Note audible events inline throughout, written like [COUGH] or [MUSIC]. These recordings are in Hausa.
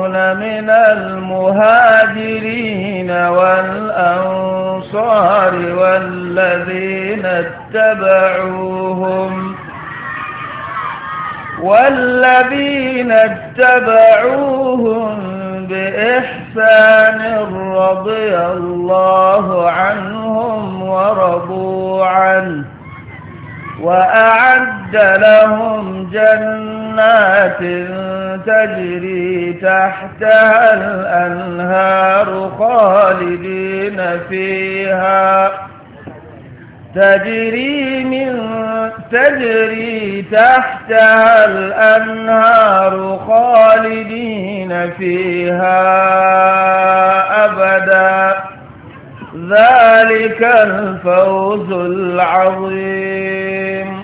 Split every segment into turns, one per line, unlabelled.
يكون من المهاجرين والأنصار والذين اتبعوهم والذين اتبعوهم بإحسان رضي الله عنهم ورضوا عنه وأعد لهم جنات جنات تجري تحتها الأنهار خالدين فيها تجري من تجري تحتها الأنهار خالدين فيها أبدا ذلك الفوز العظيم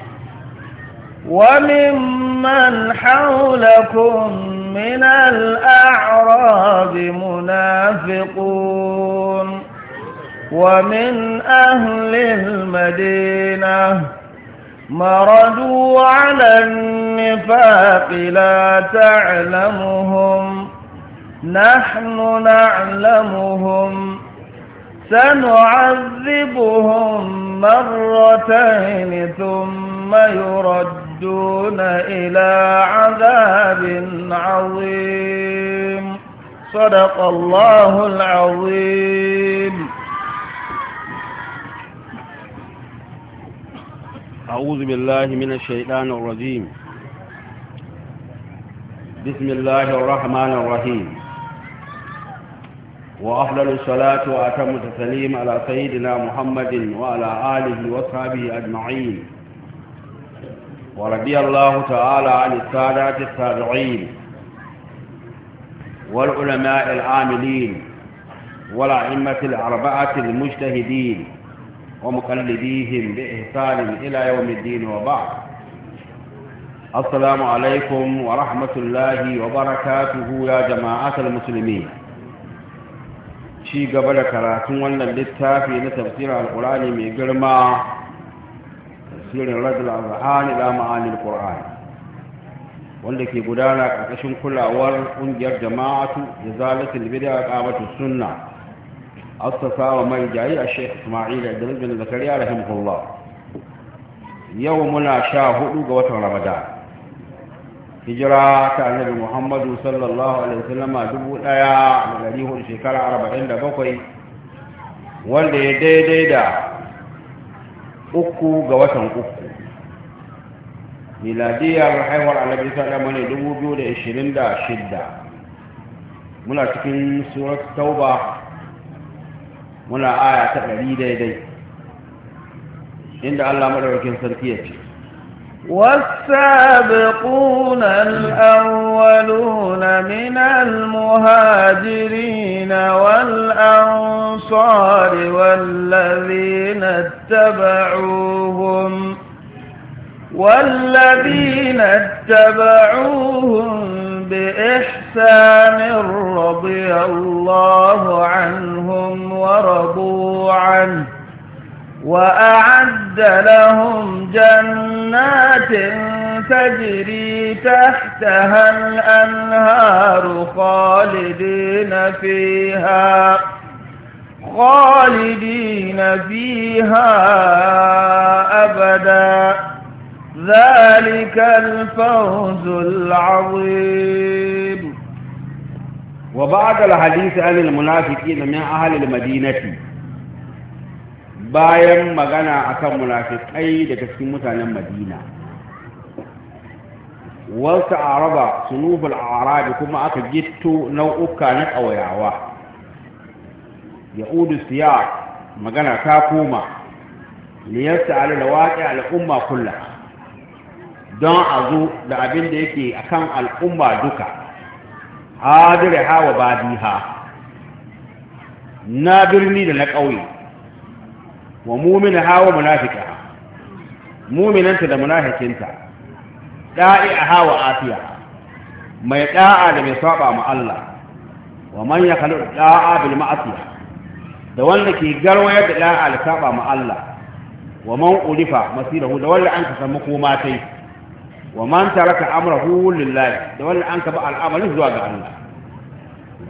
وممن حولكم من الأعراب منافقون ومن أهل المدينة مردوا على النفاق لا تعلمهم نحن نعلمهم سنعذبهم مرتين ثم يردون إلى عذاب عظيم صدق الله العظيم
أعوذ بالله من الشيطان الرجيم بسم الله الرحمن الرحيم وأفضل الصلاة وأتم التسليم على سيدنا محمد وعلى آله وصحبه أجمعين ورضي الله تعالى عن السادات التابعين والعلماء العاملين والأئمة الأربعة المجتهدين ومقلديهم بإحسان إلى يوم الدين وبعد السلام عليكم ورحمة الله وبركاته يا جماعة المسلمين ci gaba da karatun wannan littafi na tafsirin alkurani mai girma tafsirin radul azhani la ma'anil qur'an wanda ke gudana ƙarƙashin kulawar ƙungiyar jama'atu da zalatul bid'a qamatu sunna assasa mai jayi a Sheikh Isma'il Idris Zakariya rahimahullah yau muna sha hudu ga watan Ramadan hijira ta annabi muhammadu sallallahu alaihi wasallama dubu daya da dari hudu shekara arba'in da bakwai wanda ya daidai da uku ga watan uku miladiyar haihuwar annabi sallama ne dubu biyu da ishirin da shidda muna cikin surat tauba muna aya ta ɗari
daidai inda allah maɗaukakin sarki ya ce والسابقون الأولون من المهاجرين والأنصار والذين اتبعوهم والذين اتبعوهم بإحسان رضي الله عنهم ورضوا عنه وأعد لهم جنات تجري تحتها الأنهار خالدين فيها خالدين فيها أبدا ذلك الفوز العظيم
وبعد الحديث عن المنافقين من أهل المدينة bayan magana akan munafikai daga cikin mutanen madina wasu araba a arabi kuma aka gitto nau'uka na ƙauyawa ya'udu siya magana ta koma liyarsa alalawaƙi al'umma kulla don a zo da abin da yake kan al'umma duka hadire hawa badiha na birni da na ƙauye wa mumina hawa munafika muminanta da munafikinta da'i a hawa afiya mai da'a da mai saba ma Allah wa man ya kalu da'a bil ma'asiya da wanda ke garwayar da da'a da saba ma Allah wa man ulifa masirahu da wanda an ka samu koma tai wa man taraka amrahu lillahi da wanda an ka ba al'amarin zuwa ga Allah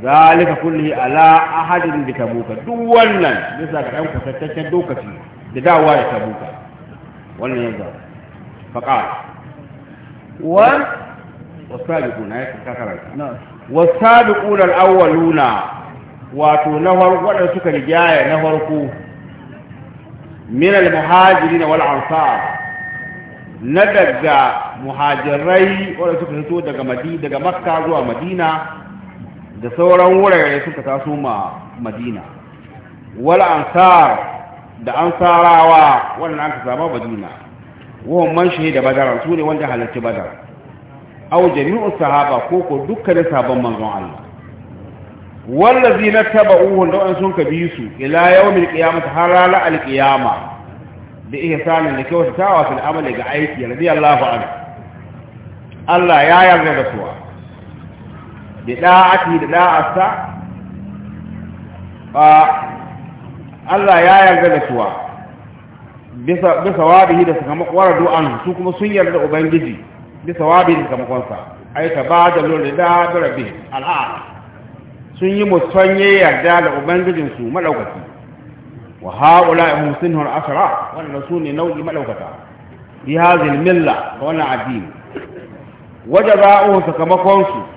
zalika kulli ala ahadin bi tabuka duk wannan bisa ga ɗan kusantaccen lokaci da dawa da tabuka wannan yanzu faqal wa wasabiquna ya kakaranta wasabiquna alawwaluna wato na farko wadanda suka rigaya na farko min almuhajirin wal ansar na daga muhajirai wadanda daga daga makka zuwa madina da sauran wurare suka taso ma madina wal ansar da ansarawa wannan aka saba madina wawan man shahida badar su ne wanda halarci badar Au jami'u sahaba ko ko dukkanin sabon manzon Allah wallazi na taba'uhu da wannan sun kabi su ila yawmil qiyamah harala al qiyama da ihsanin da kyautatawa fil amali ga aiki radiyallahu anhu Allah ya yarda da suwa bida'ati da da'arsa Allah ya yarda da suwa bisa bisa wabihi da suka makwara du'an su kuma sun yarda ubangiji bisa wabihi da kamakonsa ai ta ba da rida da rabbih al'ad sun yi musanye yarda da ubangijin su malaukaci wa haula hum sunhul asra wannan sune nau'i madaukata bi hadhihi milla wa wannan addini sakamakon sakamakonsu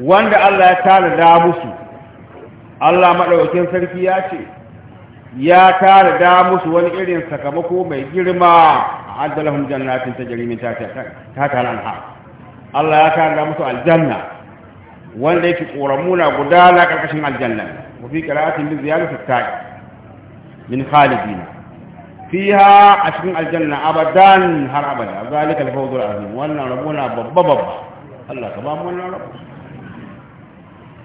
wanda Allah ya tara musu Allah maɗaukakin sarki ya ce ya tara da musu wani irin sakamako mai girma a addalahun jannatin ta jarimin ta talan ha Allah ya tara musu aljanna wanda yake ƙoramuna na ƙarƙashin aljanna wa fi ƙira'atin bin ziyarar sattai min khalidina fiha a cikin aljanna abadan har abada zalika alfawzul azim wannan rabona babba babba Allah ka ba mu wannan rabona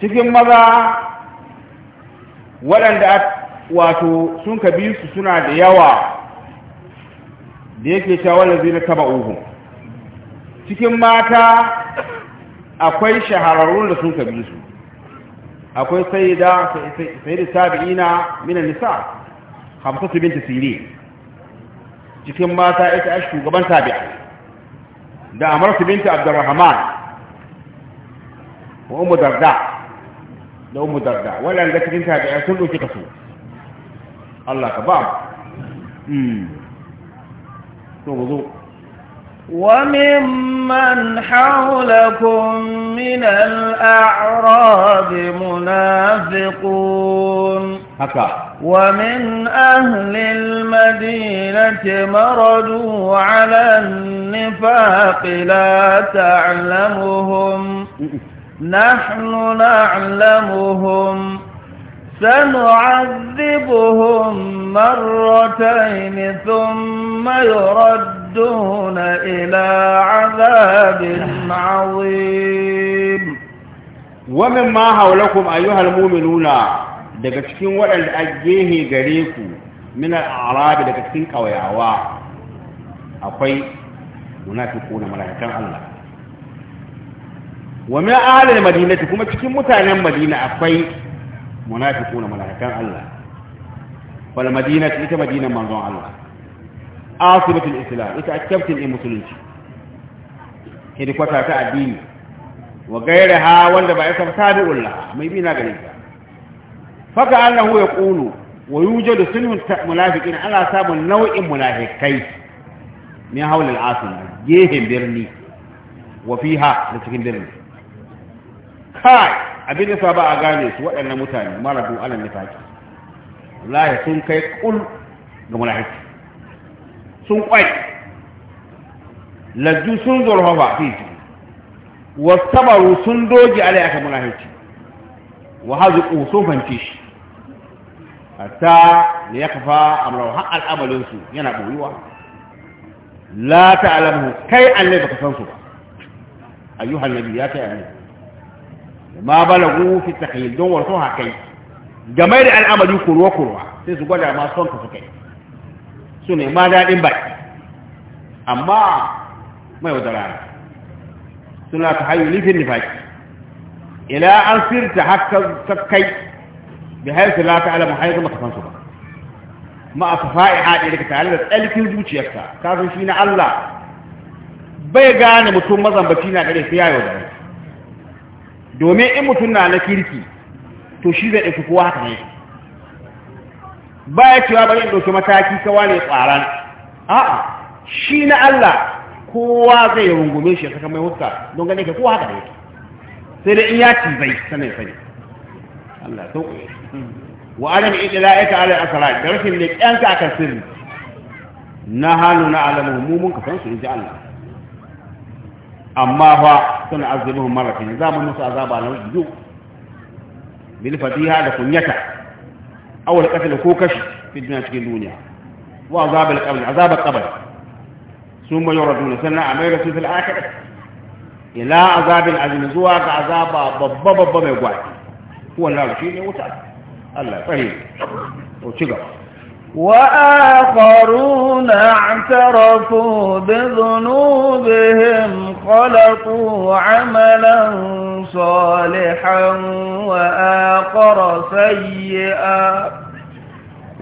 cikin maza waɗanda wato sun ka bi su suna da yawa da yake shawarar zai na taba uhu cikin mata akwai shahararrun da sun ka bi su akwai sai da sabi'ina minan nisa su binta siri cikin mata ita shugaban tabi'a da su binta abdurrahman wa umu darda لو umu ولا waɗanda cikin tabi'ai sun ɗauki الله Allah امم
وممن حولكم من الأعراب منافقون هكا ومن أهل المدينة مردوا على النفاق لا تعلمهم نحن نعلمهم سنعذبهم مرتين ثم يردون إلى عذاب عظيم
ومما حولكم أيها المؤمنون دكتكين ولا الأجيه قريكو من الأعراب دكتكين كوياوا أخي منافقون ملايكا الله wa min ahlil madinati kuma cikin mutanen madina akwai munafiquna munafiqan Allah wal madinati ita madinan manzon Allah asibatul islam ita akyabtin in musulunci hidikwata ta addini wa ha wanda ba isa tabi'ullah mai bina gare ta faka annahu yaqulu wa yujadu sunhun munafiqin ala samun nau'in munafiqai min hawlil asim gehen birni wa fiha da cikin birni kai abin da ba a gane su waɗannan mutane mara maradu alal nifaqi wallahi sun kai kul ga mulahiki sun kwai lajju sun zurfafa fi wasabaru sun doge alai aka mulahiki wa hazu sun fanci shi hatta ya kafa amrahu har al'amalin su yana boyuwa la ta'lamu kai annabi baka san su ba ayyuhan nabi ya kai annabi ma balagu fi takhil don wato hakai game da al'amari kurwa kurwa sai su gwada ma son ka su kai su ne ma daɗin baki amma mai wadara suna ta hayu lifin nifaki ila an sirta haka kai bi haisu la ta alamu haizu maka ba ma a fafa'i haɗe daga tare da tsalkin zuciyarsa kafin shi na Allah bai gane mutum mazambaci na gare sai ya yaudare domin in mutum na na kirki to shi zai ɗauki kowa haka ne ba ya cewa bari in ɗauki mataki kawa ne tsaran a'a shi na Allah kowa zai yi rungume shi ya saka mai huska don gane ka kowa haka ne sai dai in ya ci zai sanin sani Allah ya sauƙo wa adam itla'ika ala asrar da rashin a akan sirri na hannu na alamu mu mun ka san su inji Allah amma fa suna azabuhum marratayn za mu musu azaba na wuju bil fatiha da kunyata aw al qatl ko kashi fi dunya cikin dunya wa azab al qabr azab al qabr summa yuraduna sanna amira fi al akhirah ila azab al azim zuwa ga azaba babba babba
mai gwaki wannan shi ne wuta Allah fahimta to ci gaba وآخرون اعترفوا بذنوبهم خلقوا عملا صالحا وآخر سيئا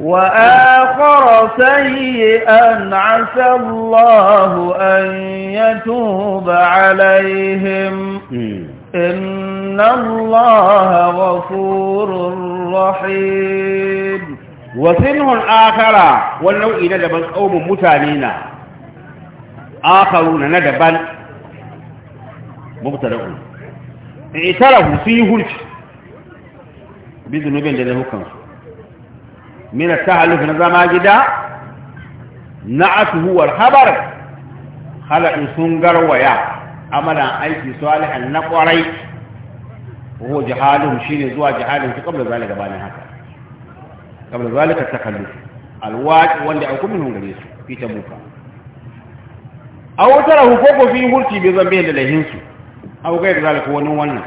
وآخر سيئا عسى الله أن يتوب عليهم إن الله غفور رحيم wasinhun
akara wani nau'i na daban ƙaumin mutane na akaru na na daban mubtada'un in itarahu sun yi hulci bi zunubin da na hukansu mina ta halifu na zama gida na asuhuwar habar halaɗin sun garwaya amalan aiki salihan na ƙwarai ko jihalin shi ne zuwa jihalin su ƙabla zalika gabanin haka kamar zalika takalluf alwaqi wanda an kuma gare su fi A wata rahu, ko ko fi hurti bi zambe da lahin su aw ga da zalika wani wannan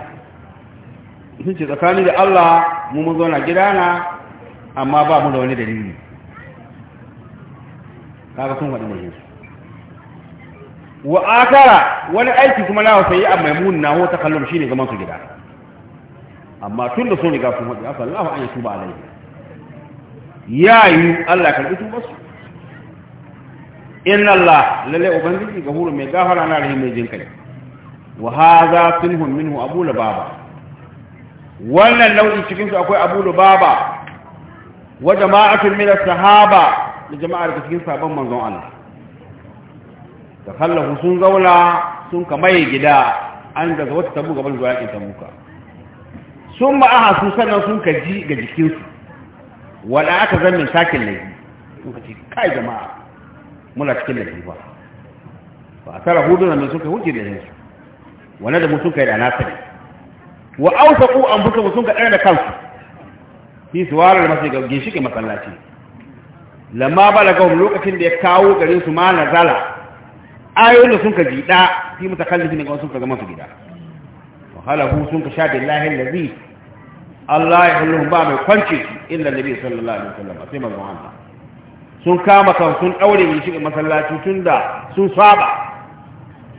sun ce tsakani da Allah mu mun zauna gidana amma ba mu da wani dalili kaga sun faɗi lahin su wa akara wani aiki kuma na yi a maimun na ho takallum shine gaman su gida amma tun da sun riga sun faɗi aka Allah an yi tuba alaihi ya yi Allah karɓi tubarsu in Allah lalai ubangiji huru mai gafara na rahim mai jinkai wa hadha sunhun minhu abu lubaba wannan nau'in cikinsu akwai abu lubaba wa jama'a min as-sahaba da jama'ar da cikin sabon manzon Allah da kallahu sun zauna sun kamaye gida an daga wata tabu gaban zuwa yakin tabuka sun ma'aha sun sannan sun ka ji ga jikinsu wala aka zan min sakin laifi sun ka ce kai jama'a muna cikin laifi ba ba a tara hudu na mai suka hujji da yansu wani da mutum kai da nasa ne wa auta ku an buka mutum ka ɗaya da kansu fi su warar masu ga ginshiƙin masallaci lamma ba da gawon lokacin da ya kawo garin su ma na zala ayoyin da sun ka jiɗa fi mutakallifin da sun ka zama su gida wahala hu sun ka sha billahi lazi Allah ya hulun ba mai kwanci su illa nabi sallallahu alaihi wasallam sai manzon Allah sun kama kan sun daure mu shi masallaci tunda sun saba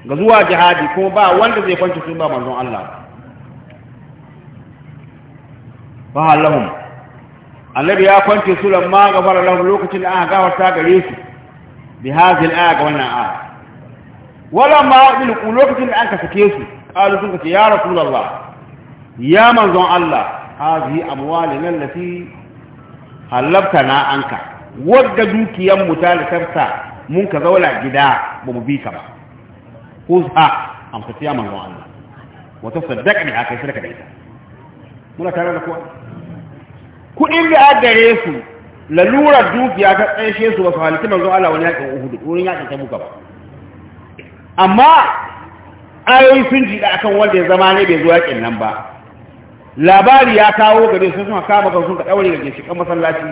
ga zuwa jihadi ko ba wanda zai kwanci sun ba manzon Allah fa halahum annabi ya kwanci su lamma gafara lahum lokacin da aka gafarta gare su bi hadhihi al-aya ga wannan aya wala ma bil lokacin da aka sake su qalu sun ce ya rasulullah ya manzon Allah هذه أموالنا التي هلبتنا عنك وقدوك يم تالتبتا منك ذولا جدا بمبيك با خذها أم تتياما وعلا وتصدق بها كيسرك بيتا ملا كان da kuwa kuɗin da aka gare su lalurar dukiya ta tsaye su ba su halittu manzo Allah wani yakin Uhud wurin yakin Tabuk ba amma ayoyi sun jida akan wanda ya zama ne bai zo yakin nan ba labari ya kawo gare sun suna kama kan sun ka daure ga kan masallaci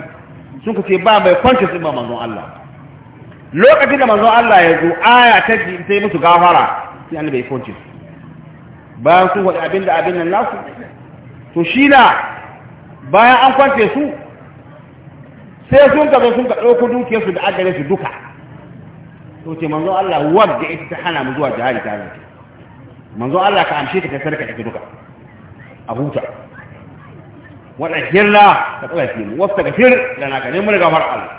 sun ka ce ba mai kwanci sun ba manzon Allah lokacin da manzon Allah ya zo aya ta ji sai musu gafara sai Allah bai kwanci bayan sun faɗi abin da abin nan nasu to shi na bayan an kwance su sai sun ka zo sun ka ɗauko dukiyarsu da agare su duka to ce manzon Allah wadda ita ta hana mu zuwa jihari ta manzon Allah ka amshe ka ta sarka ta duka a huta wannan hirna ta tsalafi mu wasu daga fir da na ganin mun gafar Allah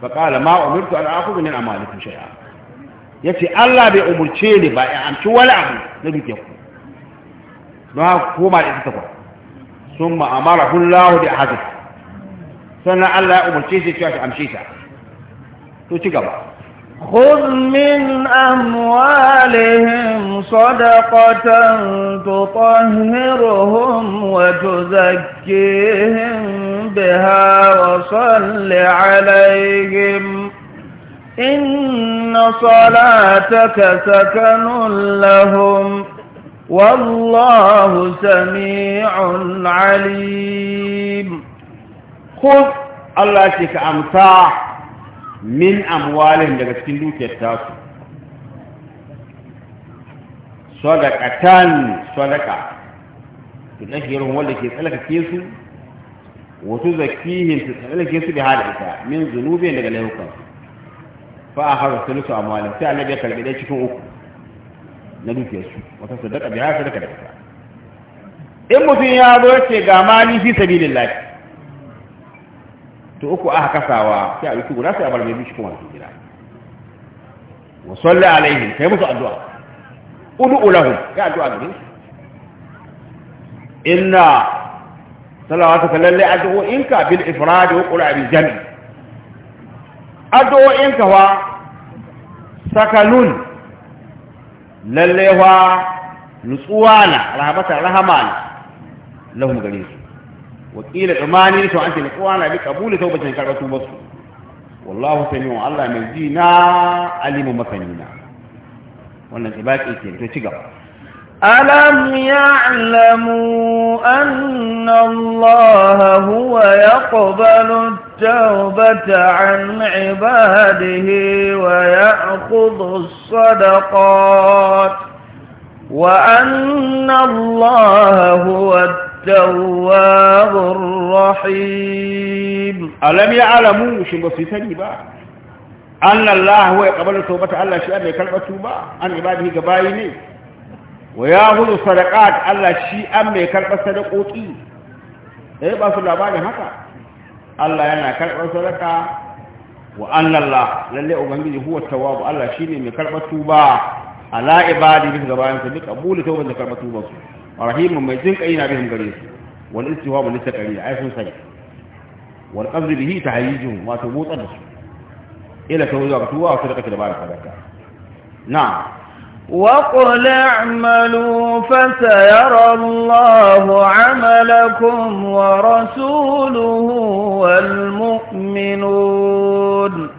fa qala ma umirtu an akhudhu min amalikum shay'a yace Allah bai umurce ni ba in amci wani abu na duke ku don haka koma da ita takwa summa amarahu Allah bi ahadith sannan Allah ya umurce shi cewa ta
amshe ta to ci gaba خذ من أموالهم صدقة تطهرهم وتزكيهم بها وصل عليهم إن صلاتك سكن لهم والله سميع عليم خذ الله تك
أمتاح min amwalin daga cikin dukiyar tasu sadaqatan sadaqa tunashirun wanda ke tsalkake su wato zakihin su tsalkake su da hada ita min zunubin daga laifukan fa a haru sulusu amwalin sai annabi ya karbi dai cikin uku na dukiyar su wata sadaqa bi hada sadaqa da ita in mutum ya zo ce ga mali fi sabilillah توكو اه كساوا يا يتوكو ناس يا بل ميمش كما تجرا وصلى عليهم كيف تقول الدعاء ادعوا لهم يا دعاء دين إنا صلواتك للي أدعو إنك بالإفراد وقل عن الجمع أدعو إنك هو سكنون للي هو نسوانا رهبة رهمان لهم قليل wakila tsamani to an tilaka wala bi kabuli tawbatin karatu basu wallahu samiu Allah mai ji na alimu masanina wannan tsibaki ke to ci gaba
ألم يعلموا أن الله هو يقبل التوبة عن عباده ويأخذ الصدقات وأن الله هو التوبة التواب الرحيم ألم يعلموا شن
بسيطني با أن الله هو يقبل توبة الله شيئا يكلم توبة عن عباده قبائني ويأخذ صدقات الله شيئا يكلم صدقوتي إيه بس الأباني هكا الله ينا كلم صدقة وأن الله للي أبنجي هو التواب الله شيئا يكلم توبة على عباده قبائني فبقبول توبة يكلم توبة رهيب مما يزنك أين بهم قريب والإستواء من لسه قريب عايش من سيء والقبض به تحييجهم وثبوت
أدس إلى كوزا قتوا وصدقة لبارك هذا نعم وقل اعملوا فسيرى الله عملكم ورسوله والمؤمنون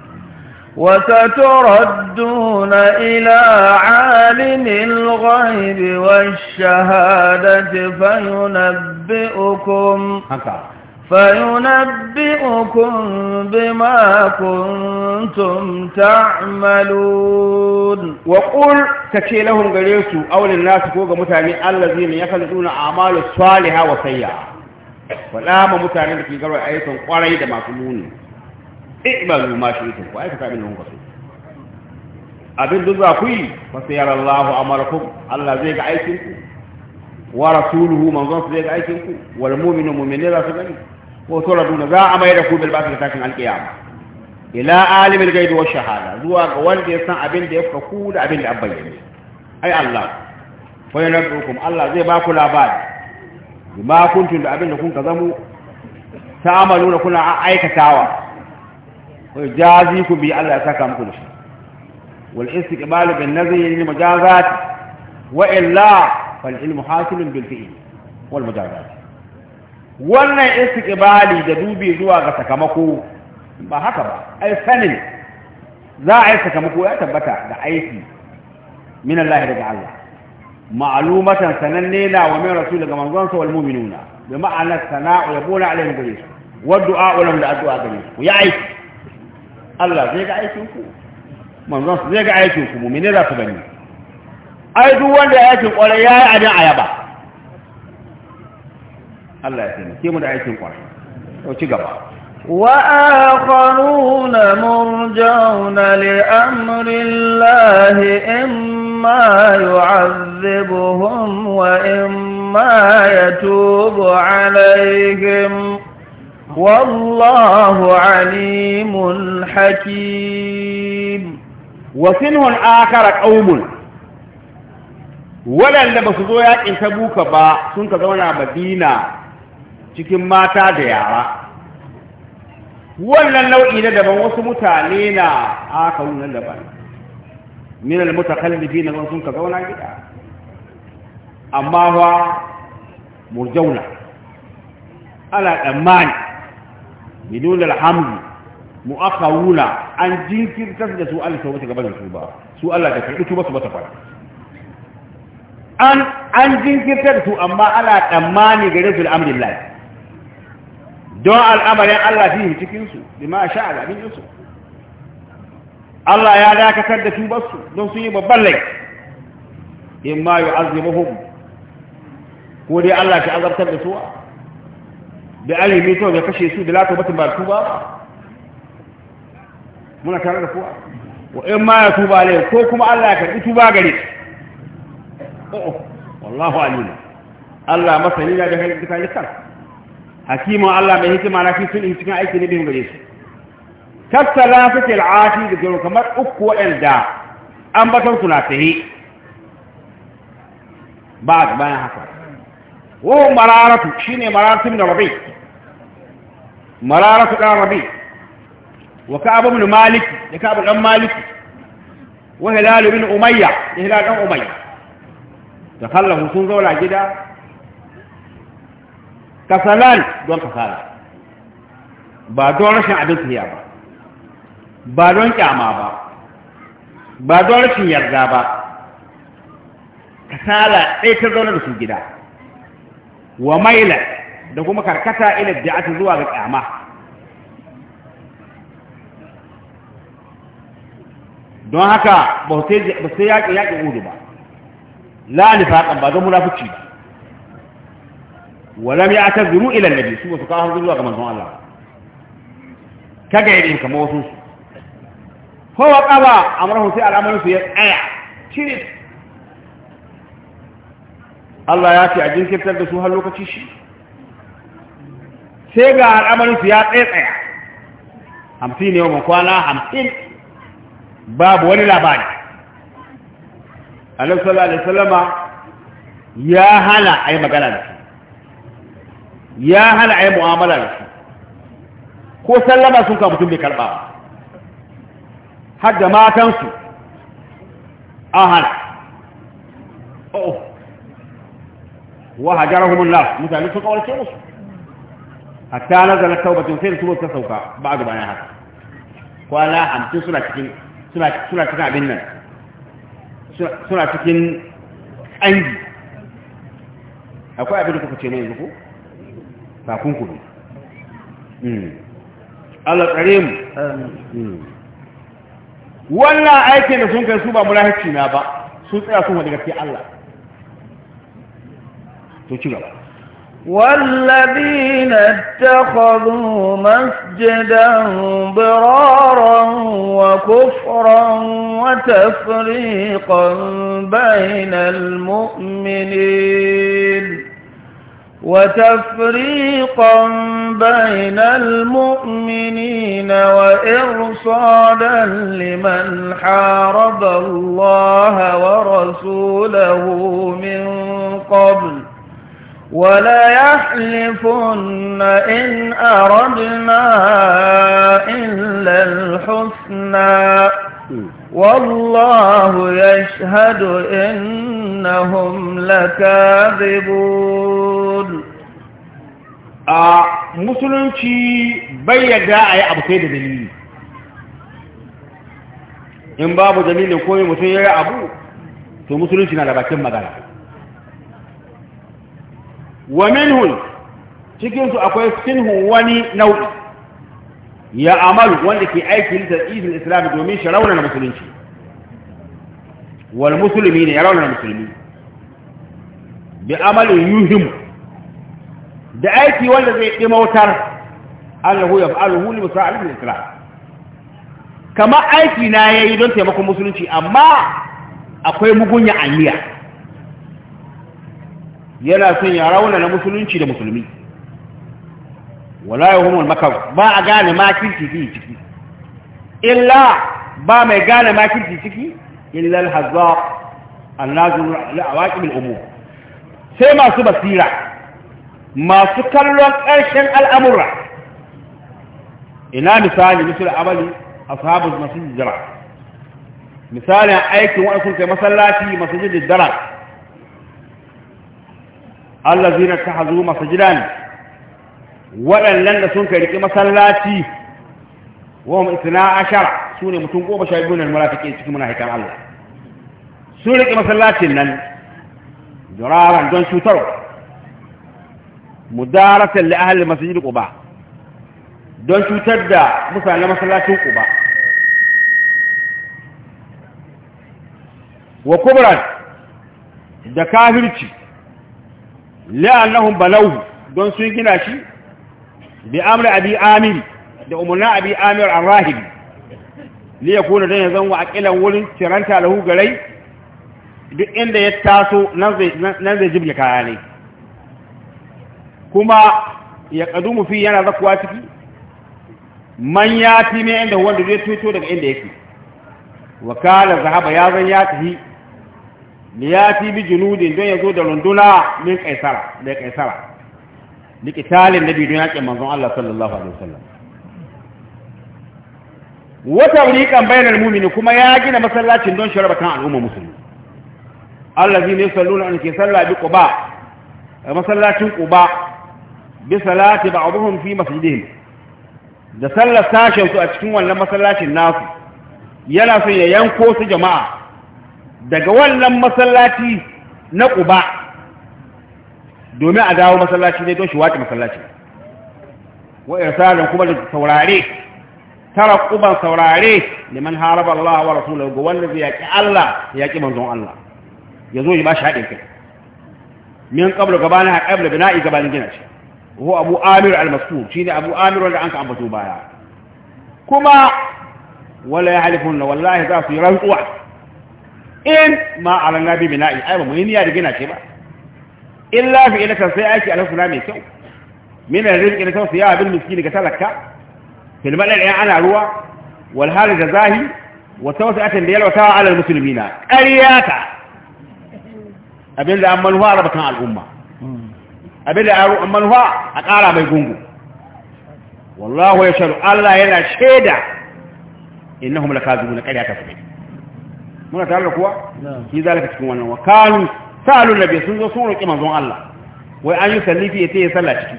وستردون إلى عالم الغيب والشهادة فينبئكم فينبئكم بما كنتم تعملون وقل
كشي لهم غريسو أو للناس فوق متعني الذين يخلطون أعمال صالحة وسيئة ولا متعني لكي قرأ أيضا قريدا ما موني i'malu ma shi'tum ku aikata abin da kun kaso abin da za ku yi fa sayara Allahu amarakum Allah zai ga aikin ku wa rasuluhu manzon zai ga aikin ku wal mu'minu mu'minin za su gani ko turaduna za a mai da ku bil ba'd takin alqiyama ila alimil ghaibi wash shahada zuwa ga wanda ya san abin da ya faku da abin da an bayyana ai Allah fa yanabbukum Allah zai ba ku labari bima kuntum da abin da kun ka zamu ta'amaluna kuna aikatawa jazi ku bi Allah ya saka muku da shi wal istiqbal bin nazri lil majazat wa illa fal ilmu hasilun bil fi'l wal majazat wannan istiqbali da dubi zuwa ga sakamako ba haka ba ai sanin za a yi sakamako ya tabbata da aiki min Allah daga Allah ma'alumatan sananne na wa min rasul daga manzon sa wal mu'minuna bi ma'ana sana'u yabuna alaihim gare su wa du'a ulam da addu'a gare ku ya aiki Allah zai ga aikin ku manzon zai ga aikin ku mu'mini za su gani ai duk wanda ya aikin
kware ya yi abin ayaba Allah ya taimake mu da aikin kware to ci gaba wa akharun murjaun li amri Allah imma yu'adhibuhum wa imma yatubu alayhim والله عليم حكيم وسنه الآخر قوم
ولن بسزو ba تبوك با سنك زونا مدينة cikin mata da yara wannan nau'i na daban wasu mutane na aka wunan daban min al na sun ka zauna gida amma wa murjauna ala tsammani bidun alhamdu mu mu'akhawuna an jinkirtar da su Allah tauba gaban su ba su Allah da karbi tuba su ba ta fara an an da su amma ana tsammani gare su al'amrillah don al'amarin Allah fi cikin su bima sha'a da abin su Allah ya dakatar da tubar su don sun yi babban laifi in ma yu'azzibuhum ko dai Allah shi azabtar da su da alimi kawai ya kashe su da lati batun ba tuba muna tare da kuwa wa in ma ya tuba ne ko kuma Allah ya karbi tuba gare oh wallahu alim Allah masani da jahil da kalikan hakimu Allah mai hikima na cikin cikin aiki ne bin gare shi kasala fi al'ati da kamar uku wa'anda an batar su na tahi ba bayan haka وهو مرارة شيني مرارة من ربي مرارة بن ربي وكعب بن مالك لكعب بن مالك وهلال بن أمية لهلال بن أمية تخلفوا سنزولا جدا كسلان دون كسالة ba شن عبد abin siya ba ba don kyama ba ba don rashin yarda ba kasala wa maila da kuma karkata ila da'ati zuwa ga kyama don haka ba sai yaƙi yaƙi udu ba la nifaƙan ba zan munafici ba walam ya ta zuru ila nabi su su kawo zuwa ga manzon Allah ga yadin kamar wasu su ko wa qaba amrahu sai al'amarin su ya tsaya cirit Allah ya ce a jinkirtar da su har lokaci shi sai ga al'amarin su ya tsaya hamsin ne wa kwana hamsin babu wani labari annabi sallallahu alaihi wasallama ya hana a yi magana da su ya hana a yi mu'amala da su ko sallama sun ka mutum bai karɓa ba har da matansu an hana oh, وهجرهم الله Allah mutane sun kawarce حتى hatta nazala taubatun sai su بعد ما ba ga bayan haka cikin suna cikin abin nan suna cikin kangi akwai abin da kuka ce mai yanzu ba kun Allah tsare wannan aikin da sun kai su ba mulahici na ba sun
tsaya sun wani Allah والذين اتخذوا مسجدا ضرارا وكفرا وتفريقا بين المؤمنين وتفريقا بين المؤمنين وإرصادا لمن حارب الله ورسوله من قبل وليحلفن إن أردنا إلا الحسنى والله يشهد إنهم لكاذبون a musulunci bai yadda a yi abu sai da dalili
in babu dalilin ko mutum ya yi abu to musulunci na da bakin magana wa minhun cikin su akwai sinhu wani nau'i ya amalu wanda ke aiki da tsaifin islam domin shi raunana musulunci wal musulmi ne ya raunana musulmi bi amalin yuhim da aiki wanda zai dimautar annahu yaf'aluhu li musa'alil islam kama aiki na yayi don taimakon musulunci amma akwai mugunya aniya yana son ya rauna na musulunci da musulmi wala yahumul makar ba a gane makirci fi ciki illa ba mai gane makirci ciki illa al-hazza annazur la'awaqib al-umur sai masu basira masu kallon ƙarshen al'amura ina misali misal amali ashabul masjid zara misalin aikin wa'asun kai masallaci masjid zara Allah zina ta allazina tahazu masajidan waɗannan da sun karki masallaci wa hum itna su ne mutum goma sha biyu ne munafiki cikin munafikan Allah sun riki masallacin nan duraran don cutarwa mudaratan li ahli masjid quba don cutar da mutane masallacin quba wa kubran da kafirci la'annahum balawu don sun gina shi bi amri abi amir da umurna abi amir al rahibi li yakuna dan yazan wa aqilan wurin kiranta lahu garai duk inda ya taso nan zai nan zai kaya kuma ya kadumu fi yana zakuwa ciki man ya fi ne inda wanda zai tuto daga inda yake wakala zahaba ya zan ya tafi liyati bi junudin don ya zo da runduna min kaisara da kaisara likitalin nabi don yake manzon Allah sallallahu alaihi wasallam wa tawriqan bainal mu'mini kuma ya gina masallacin don sharaba kan al'umma musulmi allazina yusalluna an ke salla bi quba masallacin quba bi salati ba'dhum fi masjidihim da sallar sashen su a cikin wannan masallacin nasu yana son ya yanko su jama'a daga wannan masallaci na ƙuba domin a dawo masallaci ne don shi wace masallaci wa irsalin kuma da saurare tara ƙuban saurare liman haraba Allah wa rasulahu ga wanda zai yaƙi Allah ya yaƙi manzon Allah ya zo yi ba shi haɗin kai min qablu gabanin ha qablu bina'i gabanin gina shi ko Abu Amir al-Mas'ud shine Abu Amir wanda an ka ambato baya kuma wala yahlifun wallahi za su yi rantsuwa in ma a alan nabi bina'i ai ba mu yi niyya da gina ce ba illa fi ilaka sai aiki alhusna mai kyau min rizqi da tausiya abin miskini daga talaka fil yan ya ana ruwa wal hal da zahi wa tawsi'atin da yalwata na, almuslimina qariyata abin da manuwa huwa rabatan al'umma abin da amman huwa a ƙara mai gungu wallahu ya sharu Allah yana shaida innahum lakazibuna qariyata sabbi muna tare da kuwa shi zalika cikin wannan wa kanu sa'alu nabi sun zo sun roki manzon Allah wai an yi sallifi yace ya sallah ciki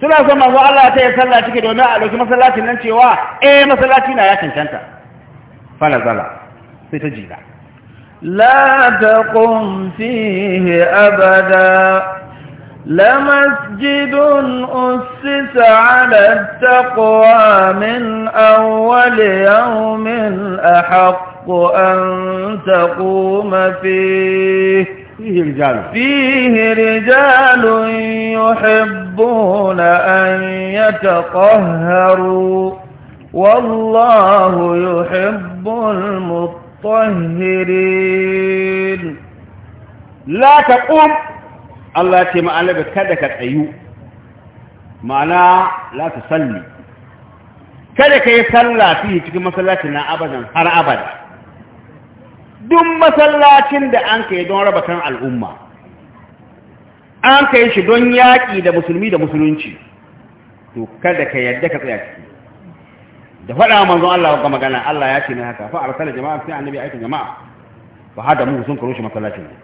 suna son manzon Allah ta ya sallah ciki domin a dauki masallacin nan
cewa eh masallaci na ya cancanta
fala zala sai ta jira
la taqum fihi abada لمسجد أسس على التقوى من أول يوم أحق أن تقوم فيه فيه رجال فيه رجال يحبون أن يتطهروا والله يحب المطهرين لا تقوم Allah ce ma'anabi
kada ka tsayu ma'ana la ta salli kada ka yi salla fiye cikin masallacin na abadan har abada duk masallacin da an ka yi don raba kan al'umma an ka yi shi don yaƙi da musulmi da musulunci to kada ka yadda ka tsaya ciki da faɗa manzon Allah ga magana Allah ya ce ne haka fa arsala jama'a sai annabi aikin jama'a fa hada mu sun karo shi masallacin ne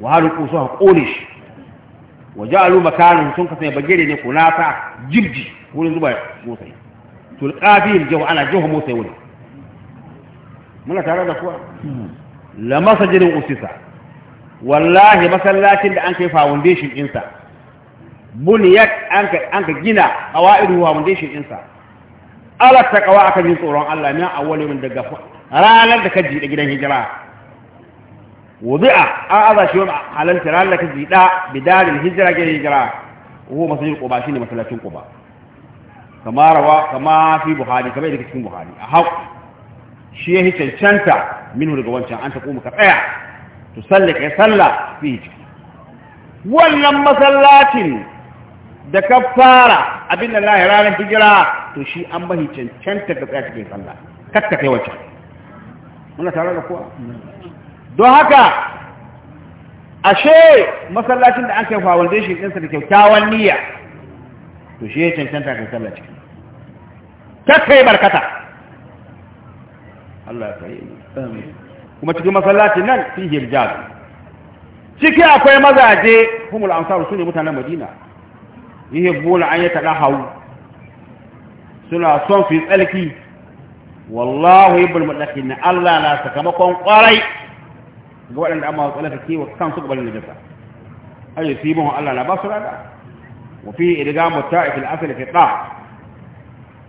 wa haruku suka kone shi wa ja'alu makanan sun kasance bagire ne ko lata jirji wurin zuba motsai tulqafil jaw ana jaw motsai wani. muna tare da kuwa la masajidin usisa wallahi masallacin da an kai foundation ɗinsa buniyat an ka gina qawaidu foundation ɗinsa ala taqwa aka jin tsoron Allah ne a wani daga ranar da ka ji da gidan hijira wuzi'a an aza shi wani halalci ranar da ka zida bidalin hijira gari jira ko masalin kuba shi ne masalacin kuba kama rawa kama fi buhari kama yadda cikin buhari a hau shi ya hicancanta minu daga wancan an ta koma ka tsaya to salle ka yi salla fi wannan masallacin da ka fara abin da lahi ranar hijira to shi an bahi cancanta ka tsaya cikin salla kakka kai wancan muna tare da kowa don haka ashe masallacin da an kai shi ɗinsa da kyakkyawan niyya to shi ya cancanta kai sallah ciki kakkai barkata Allah ka yi kuma cikin masallacin nan fi hirjaz ciki akwai mazaje humul amsar su ne mutanen madina bula an hawu, suna son fi tsalki wallahu ibn muttaqin Allah na sakamakon kwarai ga waɗanda amma wa tsalaka ke kan su gabanin najasa an yi fi mahon Allah na ba su rada wa fi idiga mutta a fil'asar fi fiɗa.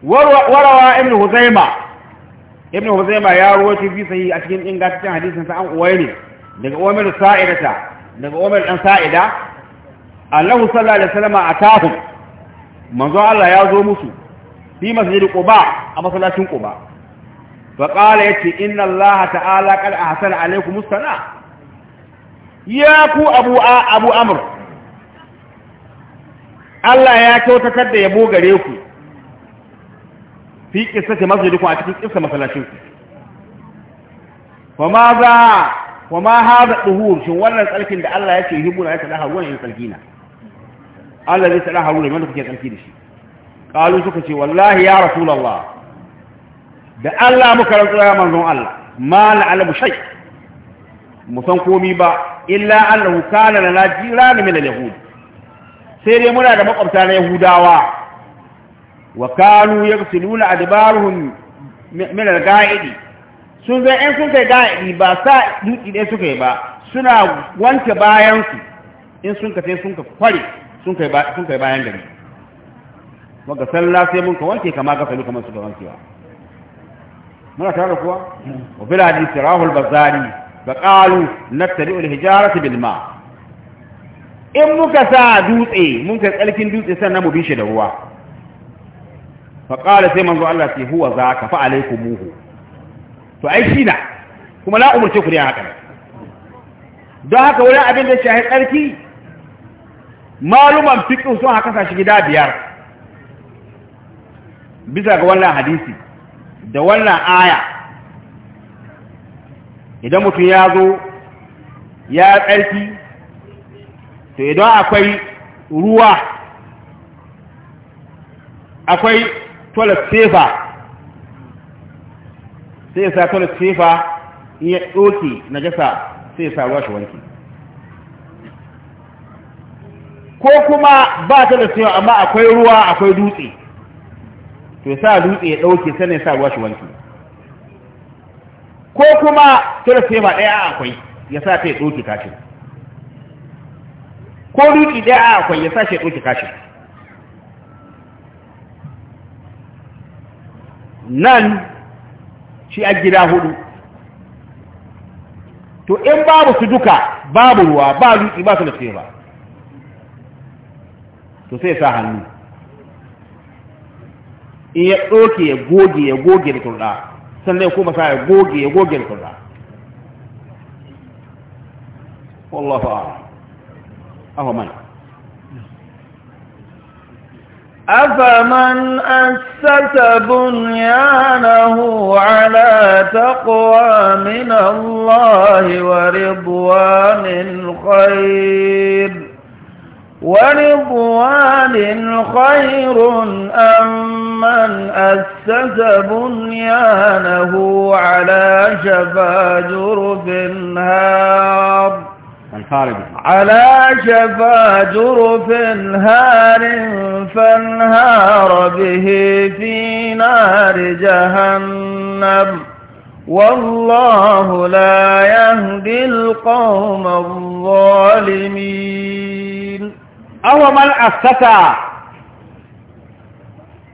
warawa ibn huzaima ibn huzaima ya rawaci fi sahi a cikin ingantaccen hadisin sa an uwai ne daga umar sa'idata daga umar dan sa'ida Allahu sallallahu alaihi wasallam atahum manzo Allah ya zo musu fi masjid quba a masallacin quba faƙala ya ce inna allaha ta'ala ƙar a hasar alaikum mustana ya ku abu a abu amur Allah ya kyautatar da yabo gare ku fi ƙisa ce masjidiku a cikin ƙisa masallacinku wa Kuma za wa ma haɗa ɗuhur shi wannan tsarkin da Allah ya ce yi hibbuna ya taɗa haruwa yin tsarki na Allah zai taɗa haruwa wanda kuke tsarki da shi ƙalu suka ce wallahi ya rasulallah da Allah muka rantsuwa ya manzon Allah ma la alamu shay mu san komi ba illa annahu kana lana jiran min al-yahud sai dai muna da makwabta na yahudawa wa kanu yaghsiluna adbaruhum min al-ga'idi sun zai in sun kai ga'idi ba sa duki ne suka yi ba suna wanke bayan su in sun ka sai sun ka kware sun kai bayan gari wa ga sallah sai mun ka wanke kama ga salu kamar su ga wankewa muna tare kuwa wa bil hadith rahul bazari fa qalu nattabi al hijarati bil ma in muka sa dutse mun kai tsalkin dutse sannan mu bi da ruwa fa qala sai manzo Allah ce huwa zaka fa alaykumuhu to ai shi na kuma la umurce ku da haka ne don haka wurin abin da shahi tsarki maluman fikin sun haka sa shi gida biyar bisa ga wannan hadisi da wannan aya idan mutum ya zo ya tsarki to idan akwai ruwa akwai toilet paper sai ya sa toilet paper in ya ɗoke na gasa sai ya sa ruwa shi wanke ko kuma ba ta da amma akwai ruwa akwai dutse to sa dutse ya dauke sai ya sa ruwa shi wanki ko kuma turfema daya akwai ya sa ta ya dauke kashin ko dutse daya akwai ya sa shi ya dauke kashin nan shi a gida hudu to in babu su duka babu ruwa ba dutse ba ba. to sai sa hannu in ya ɗoke ya goge ya goge da turɗa sannan ya koma sa ya goge ya goge da turɗa wallahu a'lam aho mana
أفمن أسس بنيانه على تقوى من الله ورضوان خير ورضوان خير أم من أسس بنيانه على شفا جرف هار على شفا جرف هار فانهار به في نار جهنم والله لا يهدي القوم الظالمين awa man asasa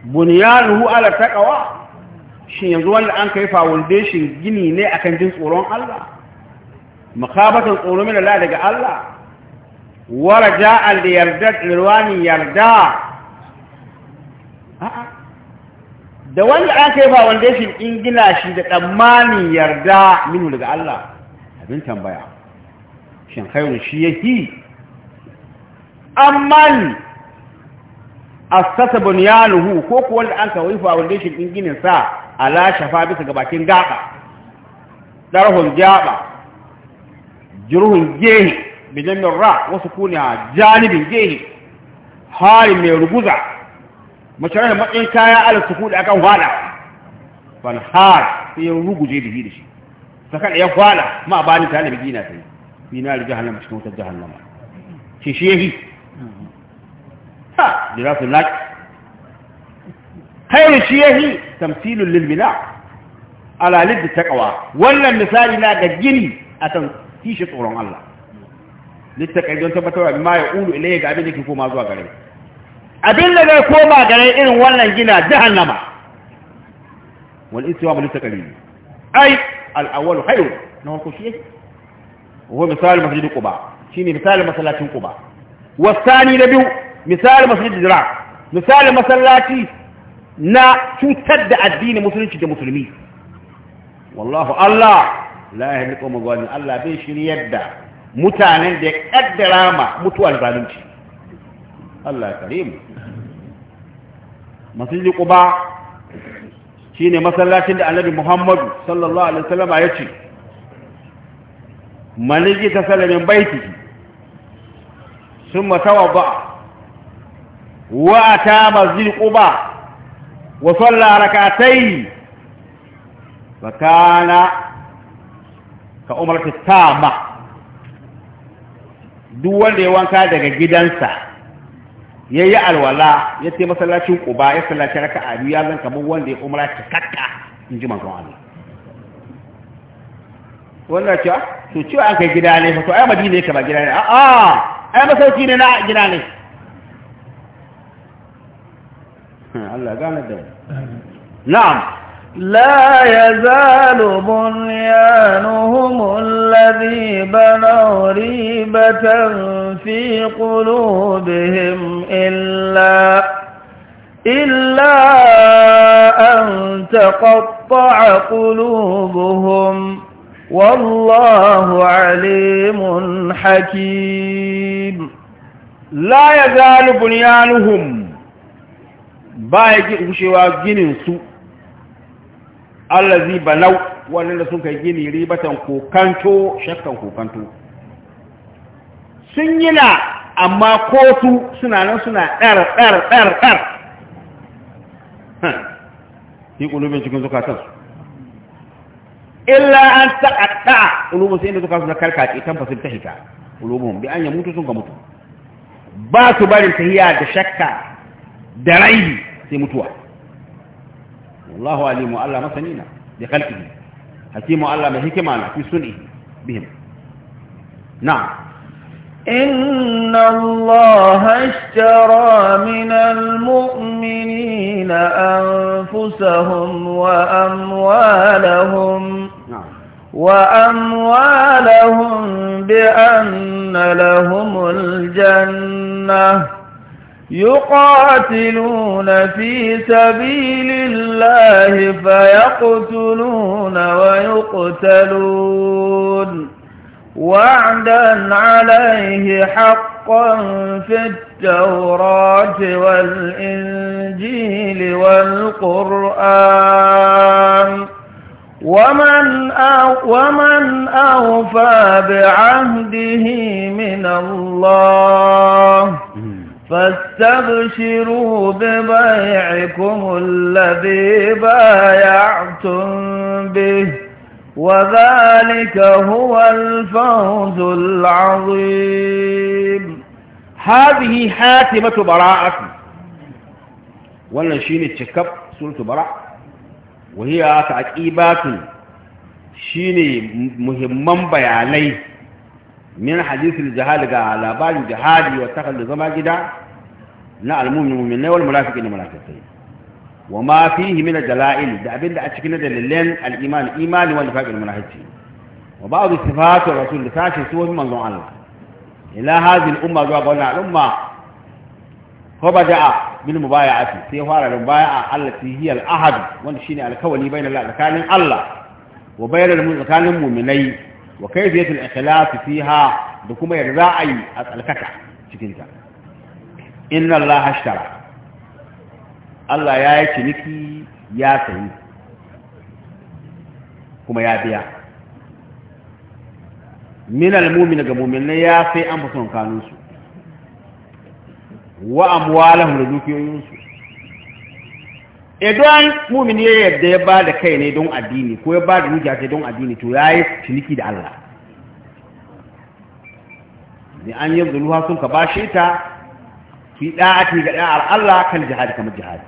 bunyanuhu ala
taqwa shin yanzu wanda an kai foundation gini ne akan jin tsoron Allah makabatan tsoro min Allah daga Allah waraja al yarda lirwani yarda da wanda an kai foundation in gina shi da tsammani yarda minu daga Allah abin tambaya shin khairun shi yake amman assasa bunyanuhu ko kuwa wanda an kawai foundation din ginin sa ala shafa bisa ga bakin gaba darhun jaba jurhun gehi bijamin ra wasu a janibin gehi hali mai ruguza da matsayin kaya ala suku a akan hwada fan har sai ruguje da shi sakan ya hwada ma bani ta ne bigina sai bina jahannama cikin wutar jahannama shi shehi ha jira su laki shi yahi tamsilun lil A ala liddi taqwa wannan misali na ga gini akan kishi tsoron Allah littakai don tabbatarwa ma ya ulu ilayya ga abin da ke zuwa gare abin da zai koma gare irin wannan gina jahannama wal istiwa bil littakai ai al awwal khairu na ko biyu misali masjid jira misali masallaci na cutar da addini musulunci da musulmi wallahu Allah la yahdi qawma zalimin Allah bai shiryar yadda mutanen da ya kaddara ma mutuwar zalunci Allah karim masjid quba shine masallacin da Annabi Muhammadu sallallahu alaihi wasallam ya ce man yajita salamin baitihi ثم توضأ وأتى مسجد قباء وصلى ركعتين فكان كأمرة التامة دول ديوان كان دقى جدنسا يي الولاء يتي مسلاتي قباء يسلاتي أبي بيالا كموان دي أمرة تككا نجي من الله wannan cewa to cewa an kai gida ne to ai madina yake ba gida ne a'a ai masauki ne na gida ne
[LAUGHS] الله قال الدولة نعم لا يزال بنيانهم الذي بنوا ريبة في قلوبهم إلا إلا أن تقطع قلوبهم والله عليم حكيم لا يزال بنيانهم ba ya gushewa ginin su
allazi banau wanda sun kai gini ribatan kokanto shakkan kokanto sun yi na amma ko su suna nan suna ɗar ɗar ɗar ɗar yi ƙulubin cikin zukatansu illa an taƙaɗa ƙulubin sai inda zukatansu na karkace tan fasil ta hita ƙulubin bi an yi mutu sun ga mutu ba su barin tahiya da shakka داري سي متوا الله عليم الله ما سنينا لخلقه حكيم الله ما هيك معنا في سنه بهم نعم
إن الله اشترى من المؤمنين أنفسهم وأموالهم وأموالهم بأن لهم الجنة يقاتلون في سبيل الله فيقتلون ويقتلون وعدا عليه حقا في التوراة والإنجيل والقرآن ومن ومن أوفى بعهده من الله فاستبشروا ببيعكم الذي بايعتم به وذلك هو الفوز العظيم هذه حاتمة براءة
ونشين التكب سورة براء وهي تعقيبات شيني مهمم بيانيه min hadisul jihad ga labarin jihadi da takal da zama gida na almumin mu'minai wal munafiqin da munafiqai wa ma fihi min dalail da abinda a cikin dalilan al-iman imani wal faqil munafiqi wa ba'd sifatu rasul da tashi suwa manzon Allah ila hadhihi al-umma zuwa ga wannan al-umma ko bada'a bil mubaya'ati sai fara da wanda tsakanin Allah wa wa kayfiyatul ikhlas fiha da kuma yarda ayi a tsalkaka cikin ta inna allaha ashtara Allah ya yi ciniki ya sayi kuma ya biya min al-mumin ga mu'minai ya sai an fasun kanunsu wa amwalahum da dukiyoyinsu idan mumin ya yarda ya ba da kai ne don addini ko ya ba da hujja sai don addini to yayi ciniki da Allah ne an yi zuluha sun ka bashe ta fi da'ati ga da'ar Allah kan jihadi kamar jihadi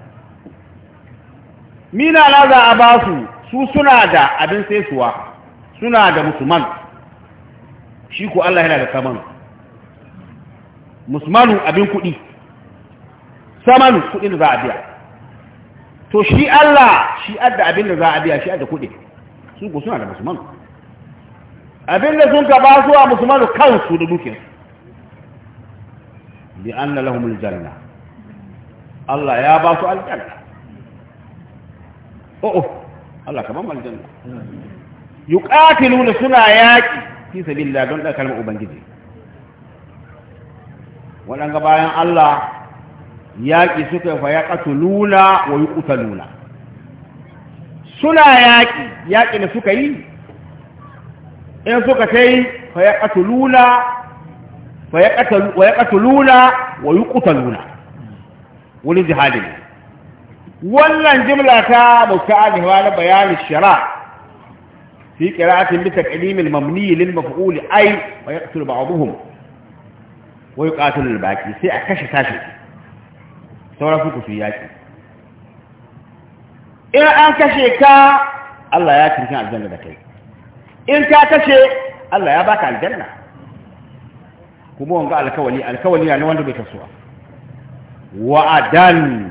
mina la za a ba su su suna da abin sai suwa suna da musulman shi ko Allah yana da saman musulmanu abin kuɗi samanu kuɗin da za a biya to shi Allah shi adda abin da za a biya shi adda kuɗi sun ku suna da musulman abin da sun ka ba zuwa musulman kansu da dukinsu bi an na lahumul janna Allah ya ba su aljanna o'o oh, oh, Allah kamar ba mu aljanna da suna yaƙi. fi sabilillah don ɗan kalmar ubangiji waɗanga bayan Allah yaƙi suka fa ya lula wa yi lula suna yaƙi yaƙi da suka yi in suka ta yi fa ya lula wa yi lula wani jihadi ne wannan jimla ta musta'ani wa na bayani shara fi qira'atin bi taqdim al-mabni lil maf'ul ay wa yaqtulu ba'dhum wa yuqatilu al-baqi sai a kashe tashi saura ku su yaki in an kashe ka Allah ya cikin aljanna da kai in ka kashe Allah ya baka aljanna kuma wanga alkawali alkawali na wanda bai tasowa wa'adan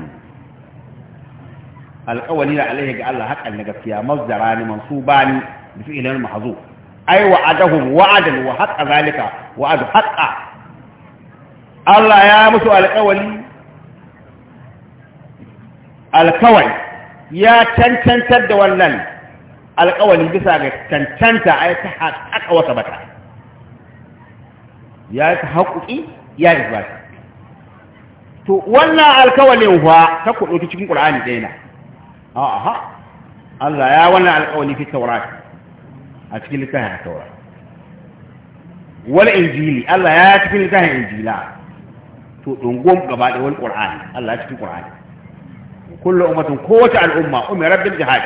alkawali na alaihi ga Allah haƙan na gaskiya mazdara ne mansuba ne da fi'ilan mahzu ai wa'adahum wa'adan wa haqqa zalika wa'ad haqqa Allah ya musu alkawali alkawari ya cancantar da wannan alkawalin bisa ga cancanta a ta haƙaƙa wata bata ya ta haƙuƙi ya yi isbata to wannan alkawalin huwa ta kuɗo ta cikin ƙul'ani ɗaya na aha Allah ya wannan alkawalin fi taurat a cikin littafin taurat wani injili Allah ya cikin littafin injila to dungon gaba da wani qur'ani Allah ya cikin qur'ani kullu ummatin kowace al'umma umirat bil jihad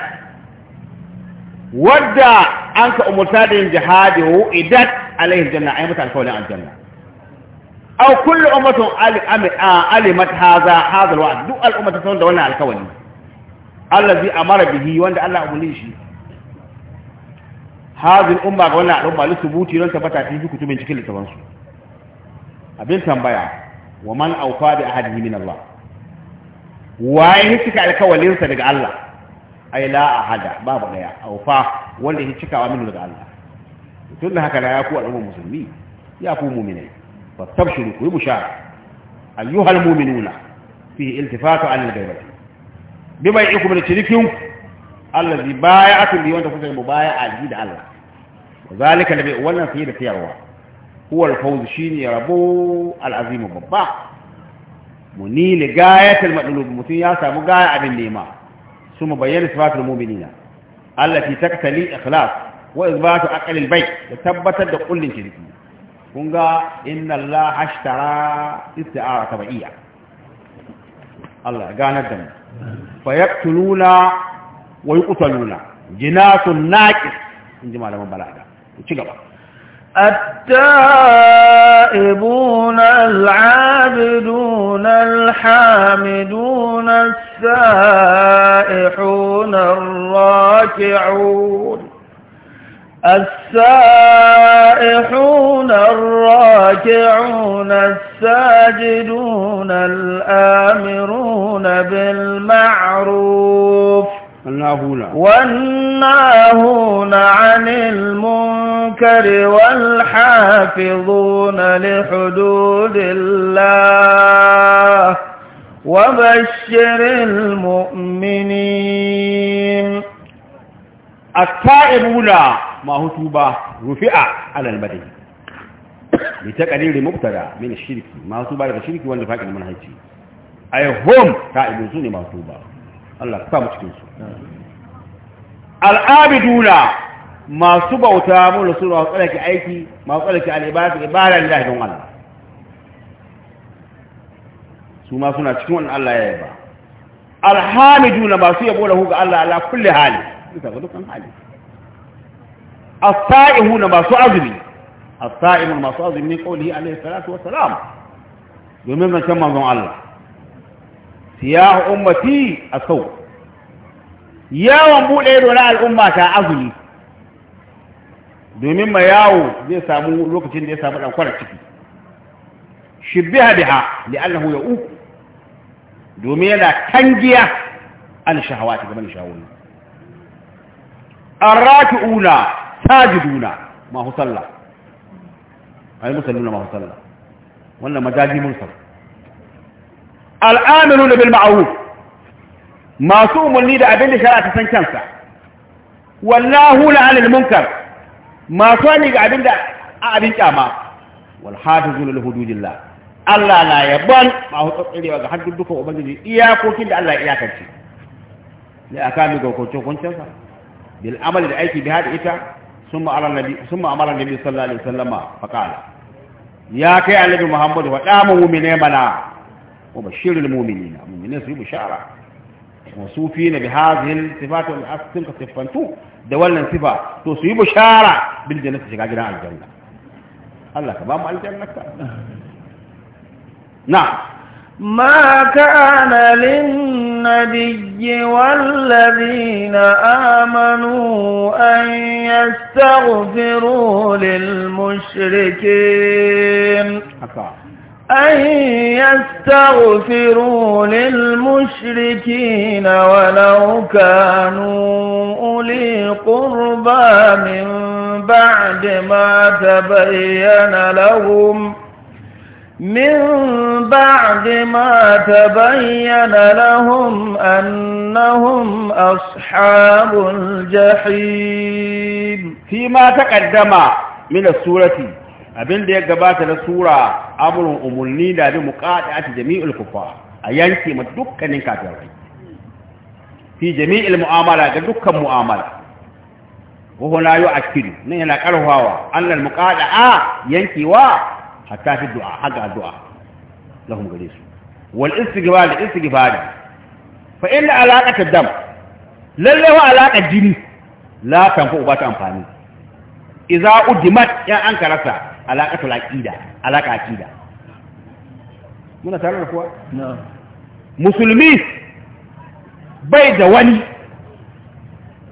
wadda an ka umurta da yin jihadi wa idat alaihi janna ay mata alqawlin aljanna aw kullu ummatin alimat hadha hadha alwa'd duk al'umma ta san da wannan alkawali allazi amara bihi wanda Allah umurni shi hadhihi umma ga wannan al'umma li subuti don tabbata ta yi kutubin cikin littafin su abin tambaya wa man awfa bi ahadihi min Allah waye ya cika alkawalinsa daga Allah ai la ahada babu daya aufa wanda ya cikawa min daga Allah tun haka na ya ku al'umma musulmi ya ku mu'minai fa tabshuru ku bushara ayyuhal mu'minuna fi iltifatu an al-ghaibati bima yakum al-shirikun allazi bai'akum bi wanda kuka yi mubai'a da Allah zalika nabi wannan sai da sayarwa huwa al-fawz shine rabo al babba munili gayatul madlub mutum ya samu gaya abin nema suma bayyana sifatul mu'minina allati taktali ikhlas wa izbatu aqlil bayt da tabbatar da kullin shirki kun ga inna Allah ashtara isti'ara tabaiya Allah ya ganar da mu fa yaqtuluna wa yuqtaluna jinasun naqis in ji malaman balaga ci gaba
التائبون العابدون الحامدون السائحون الراكعون السائحون الراكعون الساجدون الآمرون بالمعروف والناهون عن المنكر والحافظون لحدود الله وبشر المؤمنين التائبون ما هو توبة رفع
على المدين بتقدير مبتدا من الشرك ما هو توبة الشرك والنفاق المنهجي أي هم تائبون سنة ما هو توبة Allah ka mu cikin su al'abiduna masu bauta mun mu da su masu tsarki aiki masu tsarki al'ibadatu ibada lillahi don Allah su ma suna cikin wannan Allah ya yaba alhamiduna masu yabo lahu ga Allah ala kulli hali bisa ga dukkan hali as-sa'ihuna masu azumi as-sa'imun masu azumi ne qawli alayhi salatu wa salam domin nan kan manzon Allah siyahu ummati asau yawon bude ido na al'umma ta azumi domin ma yawo zai samu lokacin da ya samu ɗaukar ciki shibbiha biha ya uku domin yana tangiya an shahawati game da shawoyi arraki'una sajiduna ma husalla ayi musalluna ma sallah wannan majaji mursal al'amiluna bil ma'ruf masu umarni da abin da shara ta san kansa wallahu la'anil munkar masu wani ga abin da a abin kyama wal hafizun lil hududillah Allah na yaban ma hutsarewa ga haddun dukan ubangiji iyakokin da Allah ya iyakance ne aka mi ga hukuncin hukuncinsa bil amali da aiki bi hada ita summa ala nabi summa amara nabi sallallahu alaihi wasallama faqala ya kai annabi muhammadu wa da mu mu'mine mana وبشر المؤمنين المؤمنين في بشارة موصوفين بهذه الصفات والأسفل كتفنتو دولنا صفة توصي بشارة بالجنة شكاجنا على الجنة الله كبام على الجنة نعم
ما كان للنبي والذين آمنوا أن يستغفروا للمشركين أكبر. أن يستغفروا للمشركين ولو كانوا أولي قربى من بعد ما تبين لهم من بعد ما تبين لهم أنهم أصحاب الجحيم فيما تقدم
من السورة أبن دي قبات السورة amrun umulni da bi muqati'ati jami'il kuffar a yanke ma dukkanin في fi jami'il mu'amala ga dukkan mu'amala وهو لا يؤكد من ينقلها أن المقادعة ينكوا حتى في الدعاء حق الدعاء لهم قليس والاستغفار الاستغفار فإن علاقة الدم لله علاقة الجن لا تنفع بات أنفاني إذا أدمت يا يعني alaƙatu laƙida alaƙa aƙida muna tare da kuwa musulmi bai da wani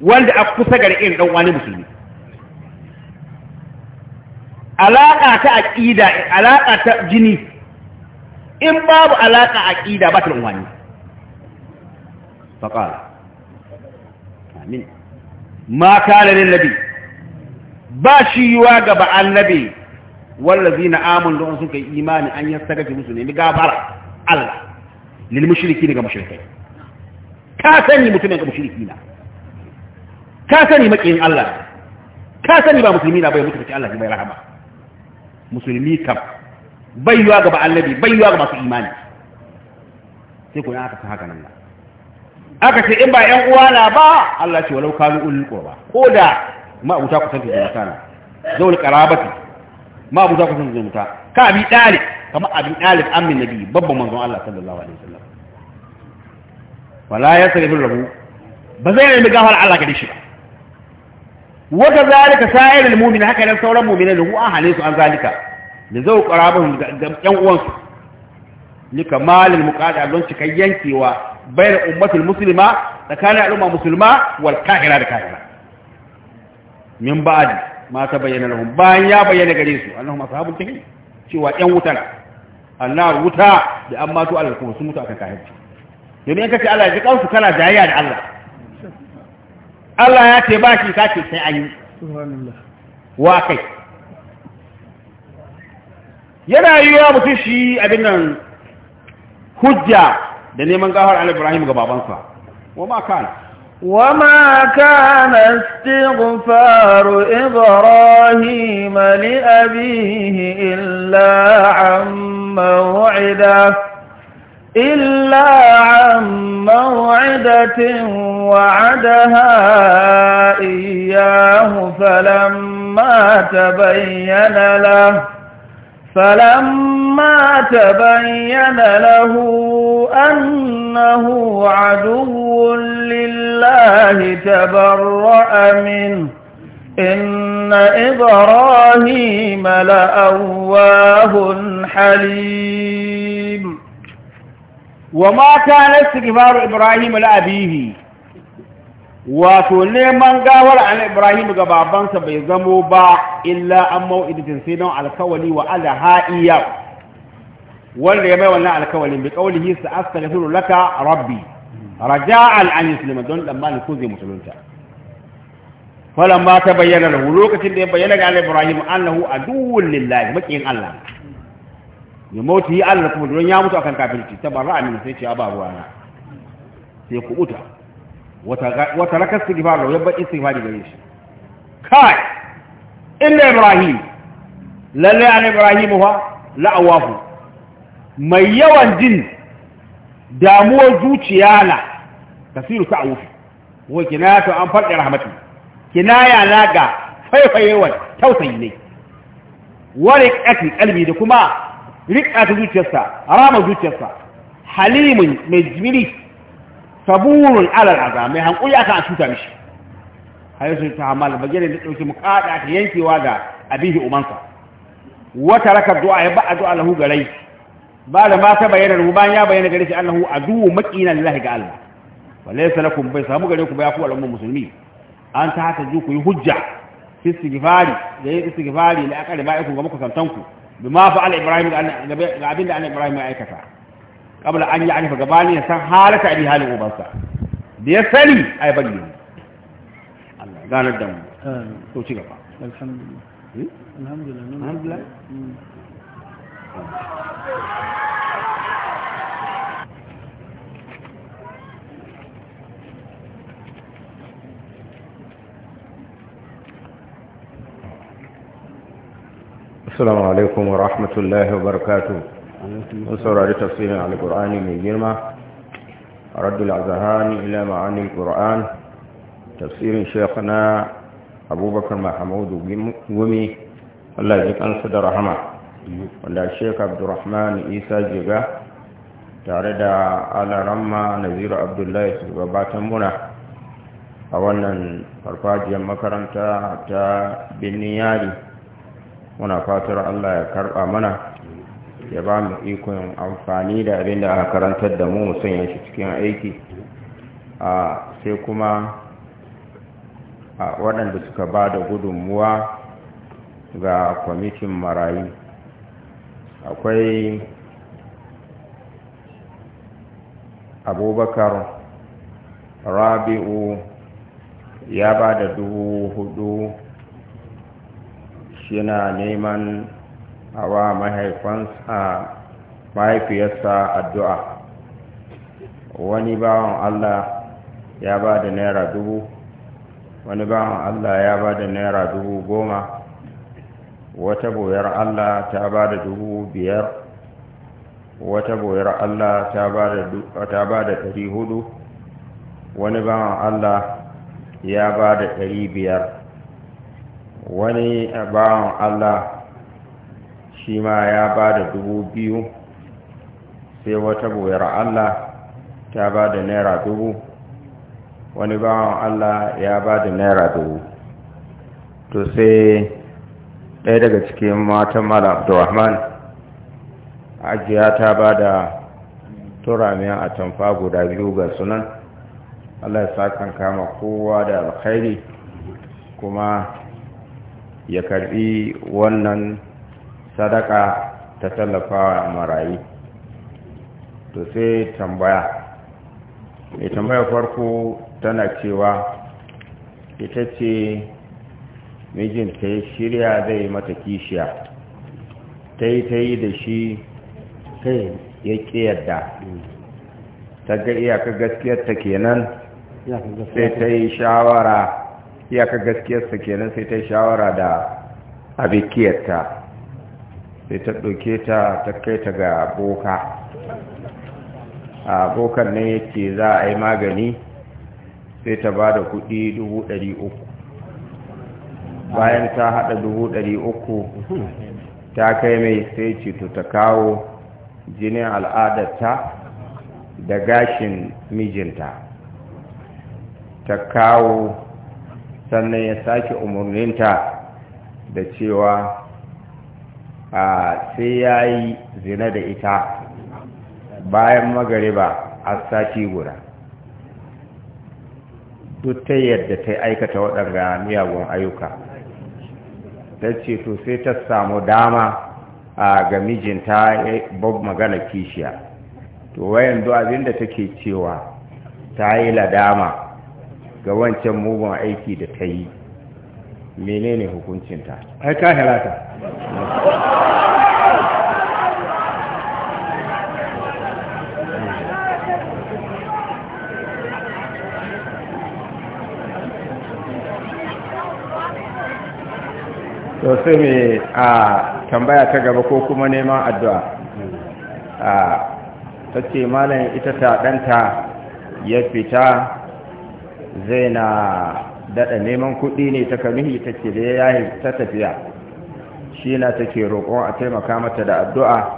wanda a kusa gari irin ɗan wani musulmi alaƙa ta aƙida alaƙa ta jini in babu alaƙa aƙida ba ta wani faƙala amin ma kala lin nabi ba shi yiwa gaba annabi wallazina amanu don sun kai imani an yastagafi musu ne gabara Allah lil mushriki daga mushrikai ka sani mutumin ga mushriki na ka sani makiyin Allah ka sani ba musulmi na bai mutu kace Allah bai rahama musulmi kam bai bai imani sai aka san nan aka ce in ba ƴan uwa na ba Allah ce walau kanu ulul qurba ko da ma abuta ku san sana zaul qarabati ma abu za ku sun zumunta ka abi dalib kama abin dalib amin nabi babban manzon Allah sallallahu alaihi wasallam wala yasrifu rabu. ba zai nemi gafara Allah gare shi ba wa kadhalika sa'irul mu'min haka nan sauran mu'minai da hu an hale su an zalika da zau qarabun yan uwansu ni kamalul muqada don cikan yankewa bayan ummatul muslima tsakanin al'umma musulma wal kahira da kahira min ba'di ma ta bayyana lahum bayan ya bayyana gare su annahum ashabul jahim cewa yan wuta na annar wuta da an to Allah kuma sun mutu akan kafirci domin in kace Allah ya ji kansu kana jayayya da Allah Allah ya ce ba shi kace sai an yi wa kai yana yi wa mutum shi abin nan hujja da neman gafar al Ibrahim ga babansa wa ma
kana وما كان استغفار إبراهيم لأبيه إلا عن موعدة إلا عن موعدة وعدها إياه فلما تبين له فلما تبين له أنه عدو لله تبرأ منه إن إبراهيم لأواه حليم وما كان استغفار إبراهيم لأبيه
wato neman gawar an ibrahim ga babansa bai zamo ba illa an mau'idatin sai don alkawali wa ala ha'iya wanda ya bai wannan alkawalin bi aska sa'astaghfiru laka rabbi raja'an an yuslima don dan mali ko zai musulunta falon ba ta bayyana da hu lokacin da ya bayyana ga ibrahim a duwun lillahi makin allah ya mauti Allah kuma don ya mutu akan kafirci tabarra'a a sai ce ba na sai ku uta. wata rakar sigifar da yabban istighfari gare shi kai inda ibrahim lalle an ibrahim fa la'awahu mai yawan jin damuwar zuciya na tasiru ta awufi ya kinayatu an farɗi rahmatin kinaya na ga faifayewar tausayi ne wani ƙatin ƙalbi da kuma riƙa ta zuciyarsa rama zuciyarsa halimin mai jimiri saburun alal aza mai hankuli akan a cuta mishi har yasu ta hamal bagire da mu mukada ta yankewa ga abihi umansa wata raka du'a ya ba addu'a lahu garai ba da ma ta bayyana lahu bayan ya bayyana gare shi annahu aduwwu makina lillahi ga Allah walaysa lakum bai samu gare ku ba ya ku musulmi an ta haka ku yi hujja fi istighfari da yin istighfari la aqari ba'ikum ga muku santanku fa fa'ala ibrahim ga abinda annabi ibrahim ya aikata kabla an yi alifa gabani ya san halata abi halin ubansa da ya sani a yi bayyana
Allah ganar da
mu to ci gaba
alhamdulillah alhamdulillah
السلام عليكم ورحمة الله وبركاته mun saurari tafsirin alkur'ani mai girma raddul azhani ila ma'anil qur'an tafsirin shaykhana abubakar mahamudu gumi Allah ya kansu da rahama wanda sheik abdurrahman isa jiga tare da alaramma naziru abdullahi su gabatan muna a wannan farfajiyar makaranta ta binni yari muna fatar Allah ya karba mana ya ba mu ikon amfani da abin da aka karantar da mu musan shi cikin aiki a sai kuma a waɗanda suka ba da gudunmuwa ga kwamitin marayu akwai abubakar rabi'u ya ba da dubu hudu shi na neman a wa mahaifansa mahaifiyarsa addu'a wani bawan Allah ya ba da naira dubu wani bawan Allah ya ba da naira dubu goma wata boyar Allah ta ba da dubu biyar wata boyar Allah ta ba da ɗari hudu wani bawan Allah ya ba da ɗari biyar wani bawan Allah shi ma ya ba da dubu biyu sai wata boyar allah ta ba da naira dubu wani bawan allah ya ba da naira dubu to sai ɗaya daga cikin matan mala abdulrahman ajiya ta ba da turamiyan a tamfa guda biyu ga sunan allah ya sakan kama kowa da alkhairi kuma ya karbi wannan sadaka ta tallafawa marayu to sai tambaya mai tambaya farko tana cewa ita ce mijinta ya shirya zai mata kishiya ta yi ta yi da shi kai ya yadda ta ga iyaka gaskiyarta kenan sai ta yi shawara gaskiyar gaskiyarsa kenan sai ta yi shawara da abikiyarta sai ta ɗauke ta ta kai ta ga boka a bokan ne yake za a yi magani sai ta ba da kuɗi uku. bayan ta haɗa uku, ta kai mai sai ceto ta kawo jinin al'adarta da gashin mijinta ta kawo sannan ya sake umarninta da cewa a sai ya yi zina da ita bayan magariba a sati guda duk ta yadda ta aikata waɗanda miyagun ayyuka ta ce to sai ta samu dama a ga mijinta bob magana kishiya to wayan abin da take cewa ta yi ladama ga wancan mugun aiki da ta yi menene hukuncinta ai ka hirata to sai mai a tambaya ta gaba ko kuma neman addu'a a ta ce malayin ita ta ɗanta ya fita zai na daɗa neman kuɗi ne ta kamihi ta ce da ya yi ta tafiya shi na ta ke roƙon a taimaka mata da addu'a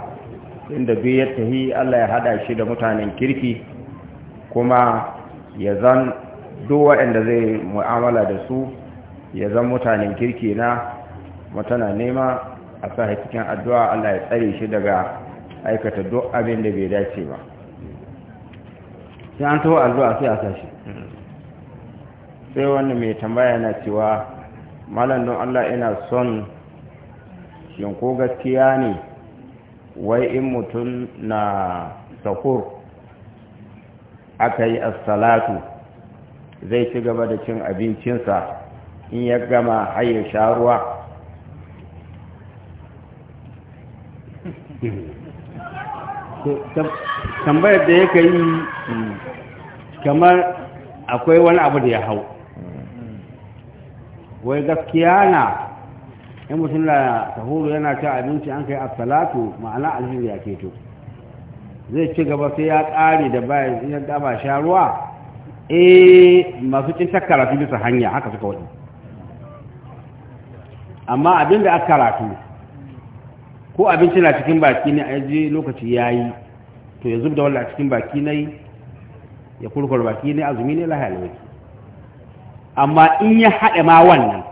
inda biyu ya tahi Allah ya haɗa shi da mutanen kirki kuma ya zan duk waɗanda zai mu'amala da su ya zan mutanen kirki na kuma tana nema a sa cikin addu'a Allah ya tsare shi daga aikata duk abin da bai dace ba sai an taho addu'a sai a sashi sai wanda mai tambaya na cewa malam don Allah ina son shin gaskiya ne wai in mutum na sahur aka yi assalatu zai ci gaba da cin abincinsa in ya gama hayar sha ruwa tambayar da ya yi kamar akwai wani abu da ya hau wai gaskiya na in mutum da sahuru yana ta abinci an kai asalatu ma'ana alhiri ya keto zai ci gaba sai ya ƙare da bayan ya daba sha ruwa eh masu cin karatu bisa hanya haka suka wani amma abinda aka karatu ko abinci na cikin baki ne a yaje lokaci ya yi to ya zub da wallah a cikin baki ne ya kurkur baki ne azumi ne lahiya alwaki amma in ya haɗe ma wannan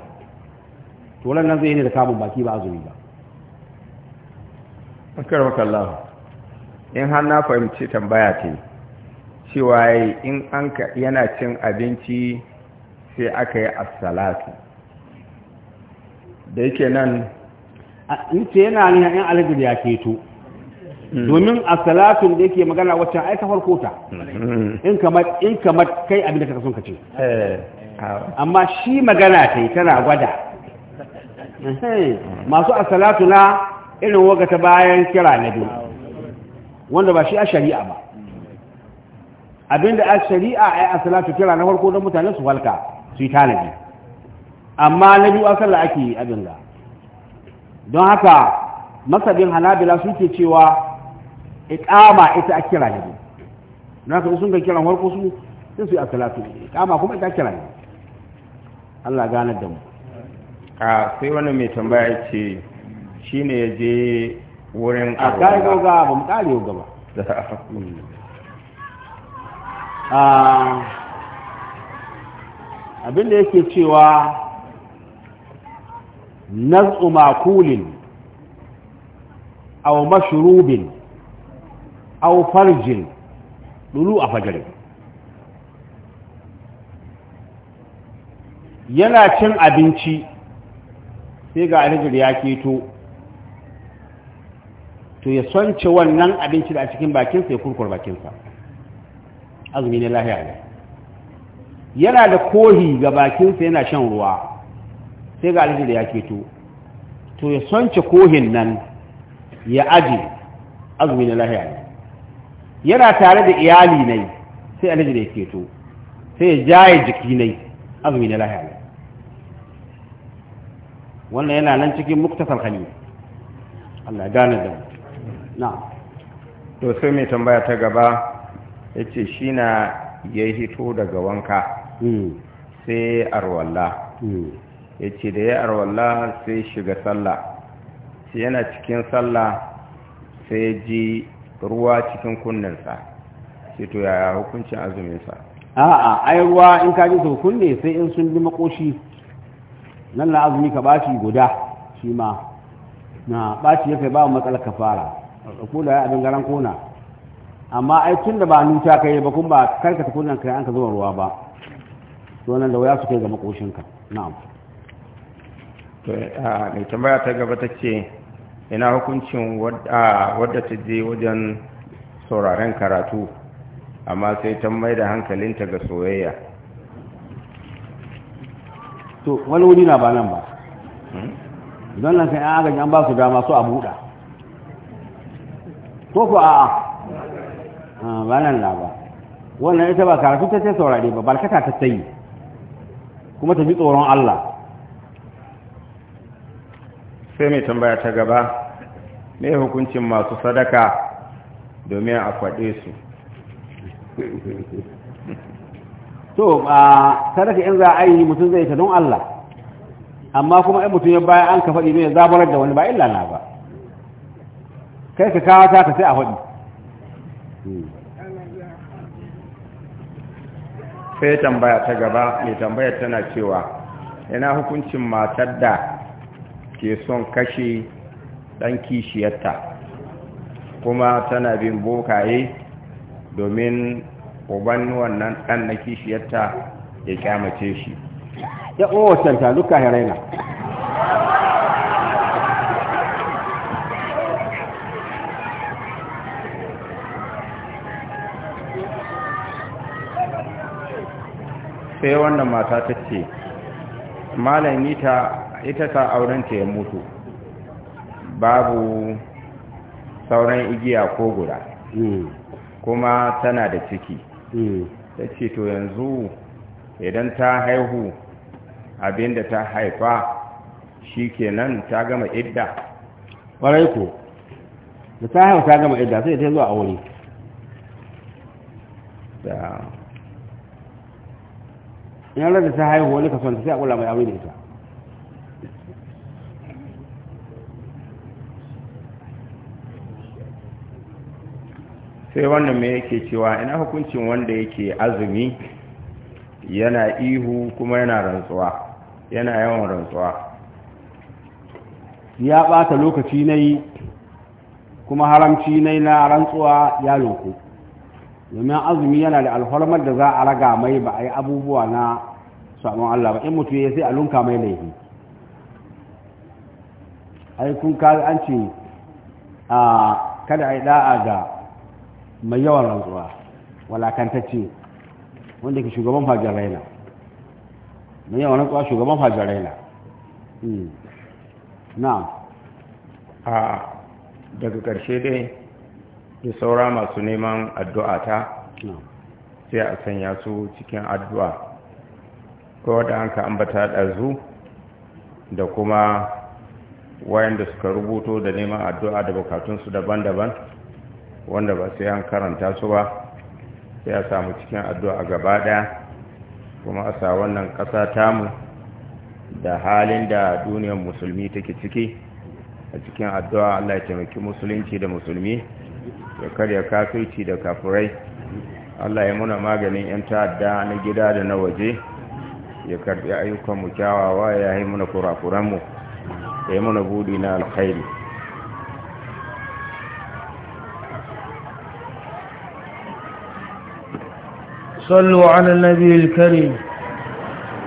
to wannan zai ne da kamun baki ba azumi ba akar makalla in har na fahimci tambaya ce cewa in an yana cin abinci sai aka yi assalatu da yake nan in ce yana ne in alhijir ya keto
hmm. domin a
salatun da yake magana wacce ai ta farko ta
hmm.
in kamar in kamar kai abin da ka son ka ce eh, amma shi magana ta yi tana gwada masu a salatu na irin waga ta bayan kira na biyu wanda ba shi a shari'a ba abinda a shari'a ai a salatu kira na farko don mutane su halka su yi tanadi amma na biyu a sallah ake abin da don haka masabin hanabila suke cewa ikama ita a kira ne don haka sun ga kiran warko su sun su yi asalatu ikama kuma ita kira ne Allah gane da mu a sai wani mai tambaya ce shi ne ya je wurin a kai ga ba mu kare ba abin da yake cewa نزع معقول أو مشروب أو فرج للوء فجر yana cin abinci sai ga alhijir ya keto to ya sonce wannan abinci da a cikin bakinsa ya kurkur bakinsa azumi ne lahiya ne yana da kohi ga bakinsa yana shan ruwa sai ga da ya keto to ya sonce kohin nan ya aji azumi na lahiya ne yana tare da iyali ne sai da ya keto sai ya jaye jiki ne azumi na lahiya ne wannan yana nan cikin muktasar hali Allah gane da na to sai mai tambaya ta gaba ya ce shi na ya hito daga wanka hmm. sai arwallah hmm. ya ce da ya arwalla sai shiga sallah sai yana cikin sallah sai ji ruwa cikin kunninsa shi to yaya hukuncin azuminsa a'a ai ruwa in ka ji su kunne sai in sun bi makoshi nan na azumi ka bashi guda shi ma na bashi yake ba matsala kafara ko da abin garan kona amma ai tun da ba nuta kai ba kun ba karkata kunnan kai an ka zuwa ruwa ba to nan da waya su kai ga makoshinka na'am to a mai tambaya ta gaba ta ce ina hukuncin wadda ta je wajen sauraren karatu amma sai ta mai da hankalinta ga soyayya to wani wuri na ba nan ba hmm? don nan sai an agaji an ba su dama su a buɗa ko ku
a'a
ba nan na ba wannan ita ba karatu ta ce saurare ba barkata ta sayi kuma ta ji tsoron Allah sai mai tambaya ta gaba mai hukuncin masu sadaka domin a kwaɗe
su [LAUGHS]
to a sadaka in za a yi mutum zai ta don Allah amma kuma in mutum ya bayan an ka faɗi ne zaburar da wani ba illa na ba kai ka kawo ta ka sai a faɗi sai tambaya ta gaba mai tambayar tana cewa yana hukuncin matar da ke son kashe ɗan kishiyarta kuma tana bin bokaye domin uban wannan ɗan na kishiyarta ya kyamace shi ya ƙowacin ta duka raina sai wannan mata ta ce malami ta ita auren aurenta ya mutu babu sauran igiya ko guda hmm. kuma tana da ciki hmm. ta ce to yanzu idan ta haihu abinda ta haifa shi kenan ta gama idda ƙwarai ku da ta haihu ta gama idda sai ta zuwa a wuri da yanar da ta haihu wani kasuwanci sai a ƙula mai aure da ita sai wannan mai yake cewa ina hukuncin wanda yake azumi yana ihu kuma yana rantsuwa yana yawan rantsuwa ya ɓata lokaci na yi kuma haramci na na rantsuwa ya loko domin azumi yana da alhormar da za a raga mai ba a yi abubuwa na sabon Allah ba in mutu ya sai a mai laifi ai kun ka an ce kada a yi da'a ga mai yawan rantsuwa walakantacce wanda ke shugaban fajar raina mai yawan rantsuwa shugaban fajar raina hmm. na. a daga ƙarshe dai da saura masu neman addu'a ta sai a sanya su cikin addu'a ko da an ka ambata ɗazu da kuma wayanda suka rubuto da neman addu'a da bukatunsu daban-daban wanda ba sai an karanta su ba sai a samu cikin addu'a a gaba ɗaya kuma a sa wannan ƙasa tamu da halin da duniyar musulmi take ciki a cikin addu'a Allah ya taimaki musulunci da musulmi ya karya kafirci da kafurai Allah ya muna maganin 'yan ta'adda na gida da na waje ya karbi ayyukan mu kyawawa ya yi muna kurakuranmu ya yi muna budi na
alkhairi صلوا على النبي الكريم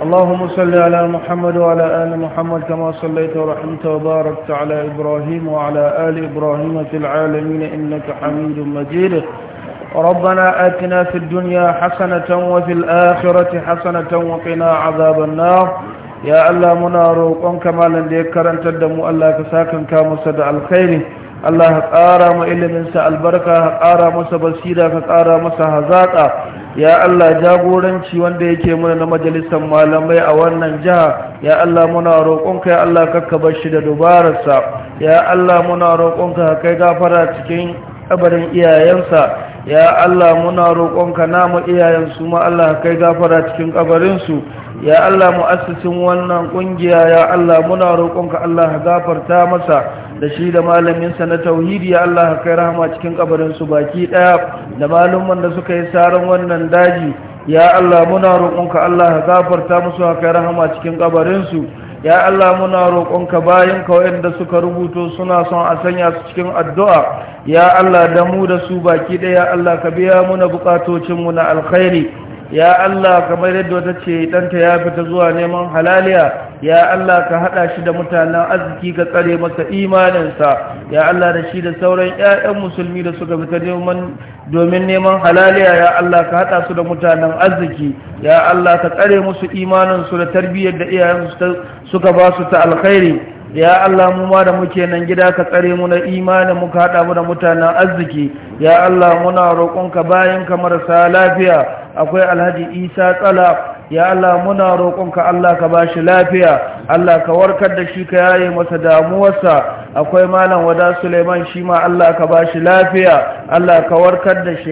اللهم صل على محمد وعلى آل محمد كما صليت ورحمت وباركت على إبراهيم وعلى آل إبراهيم في العالمين إنك حميد مجيد ربنا آتنا في الدنيا حسنة وفي الآخرة حسنة وقنا عذاب النار يا الله منا روقون كما لن karanta أن تدموا الله ka sakan ka masa da alkhairi Allah ka ƙara mu ilimin sa albarka ya Allah jagoranci wanda yake muna na majalisar malamai a wannan jiha ya Allah muna roƙonka ya Allah kakkabar shi da dubararsa ya Allah muna roƙonka kai gafara cikin kabarin iyayensa ya Allah muna roƙonka namu iyayen su ma Allah kai gafara cikin kabarinsu ya Allah mu'assisin wannan kungiya ya Allah muna roƙonka Allah gafarta masa da shi da malaminsa na tauhidi ya Allah ka kai rahama cikin kabarinsu baki ɗaya da malumman da suka yi saran wannan daji ya Allah muna roƙonka Allah ka gafarta musu ka kai rahama cikin kabarinsu ya Allah muna roƙonka bayan ka waɗanda suka rubuto suna son a sanya su cikin addu'a ya Allah da mu da su baki ɗaya Allah ka biya muna buƙatocinmu na alkhairi ya Allah kamar yadda wata ce ɗanta ya fita zuwa neman halaliya ya Allah ka haɗa shi da mutanen arziki ka tsare masa imaninsa ya Allah da shi da sauran 'ya'yan musulmi da suka fita neman domin neman halaliya ya Allah ka haɗa su da mutanen arziki ya Allah ka tsare musu imaninsu da tarbiyyar da iyayensu suka ba su ta alkhairi ya Allah mu ma da muke nan gida ka tsare mu na imanin muka haɗa mu da mutanen arziki ya Allah muna roƙonka bayan ka marasa lafiya akwai alhaji isa tsala ya Allah muna roƙonka Allah ka bashi lafiya Allah ka warkar da shi ka yaye masa damuwarsa akwai malam wada suleiman shi ma Allah ka bashi lafiya Allah ka warkar da shi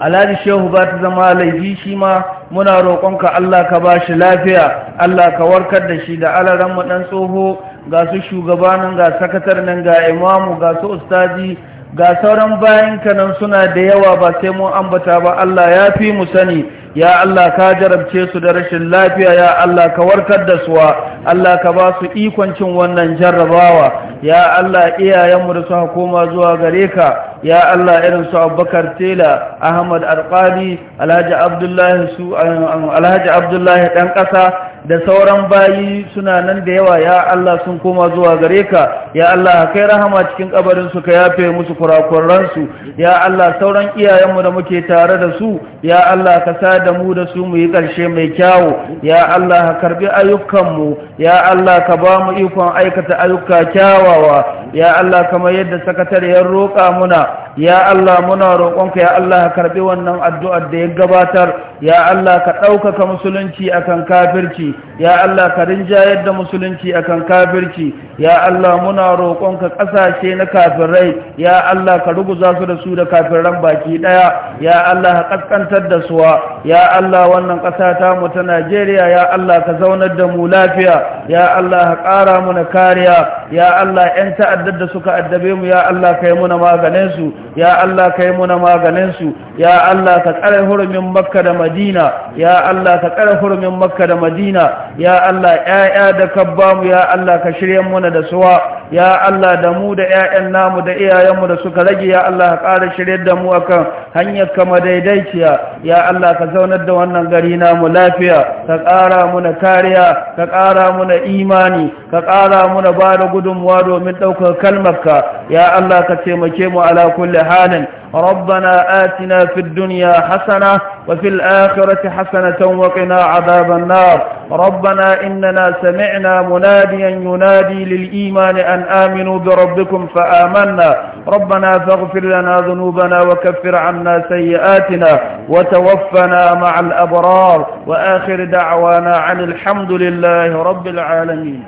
alhaji shehu ba ta zama laifi shi ma muna roƙonka Allah ka ba shi lafiya Allah ka warkar da shi da alaranmu ɗan tsoho ga su shugabanin ga sakatar nan ga imamu ga su ustazi ga sauran bayanka nan suna da yawa ba sai mun ambata ba Allah ya fi mu sani ya Allah ka jarabce su da rashin lafiya ya Allah ka warkar da suwa Allah ka ba su ikon cin wannan jarrabawa ya Allah iyayenmu da suka koma zuwa gare ka ya Allah irin su Abubakar Tela Ahmad Arqani Alhaji Abdullahi su Alhaji Abdullahi dan kasa da sauran bayi suna nan da yawa ya Allah sun koma zuwa gare ka ya Allah kai rahama cikin kabarin su ka yafe musu kurakuran su ya Allah sauran iyayenmu da muke tare da su ya Allah ka sada mu da su mu yi karshe mai kyawu ya Allah ka karbi ayyukanmu ya Allah ka ba mu ikon aikata ayyuka kyawawa ya Allah kamar yadda sakatare ya roƙa muna ya Allah muna roƙonka ya Allah ka karbi wannan addu'ar da ya gabatar ya Allah ka ɗaukaka musulunci akan kafirci ya Allah ka rinjayar da musulunci akan kafirci ya Allah muna roƙonka ƙasashe na kafirai ya Allah ka ruguza su da su da kafiran baki ɗaya ya Allah ka ƙasƙantar da suwa ya Allah wannan ƙasa ta mu ta Najeriya ya Allah ka zaunar da mu lafiya ya Allah ka ƙara mu na kariya ya Allah ƴan ta'addar da suka addabe mu ya Allah kai muna maganin su ya Allah kai muna maganin su ya Allah ka kare hurumin Makka da Madina ya Allah ka kare hurumin Makka da Madina ya Allah 'ya'ya da kabba mu ya Allah ka shirya muna da suwa ya Allah da mu da 'ya'yan namu da iyayenmu da suka rage ya Allah ka ƙara shiryar da mu akan hanyar kama daidaiciya ya Allah ka zaunar da wannan gari mu lafiya ka ƙara muna kariya ka ƙara muna imani ka ƙara muna ba da gudunmuwa domin ɗaukar kalmarka ya Allah ka taimake mu ala kulli halin ربنا آتنا في الدنيا حسنة وفي الآخرة حسنة وقنا عذاب النار ربنا إننا سمعنا مناديا ينادي للإيمان أن آمنوا بربكم فآمنا ربنا فاغفر لنا ذنوبنا وكفر عنا سيئاتنا وتوفنا مع الأبرار وآخر دعوانا عن الحمد لله رب العالمين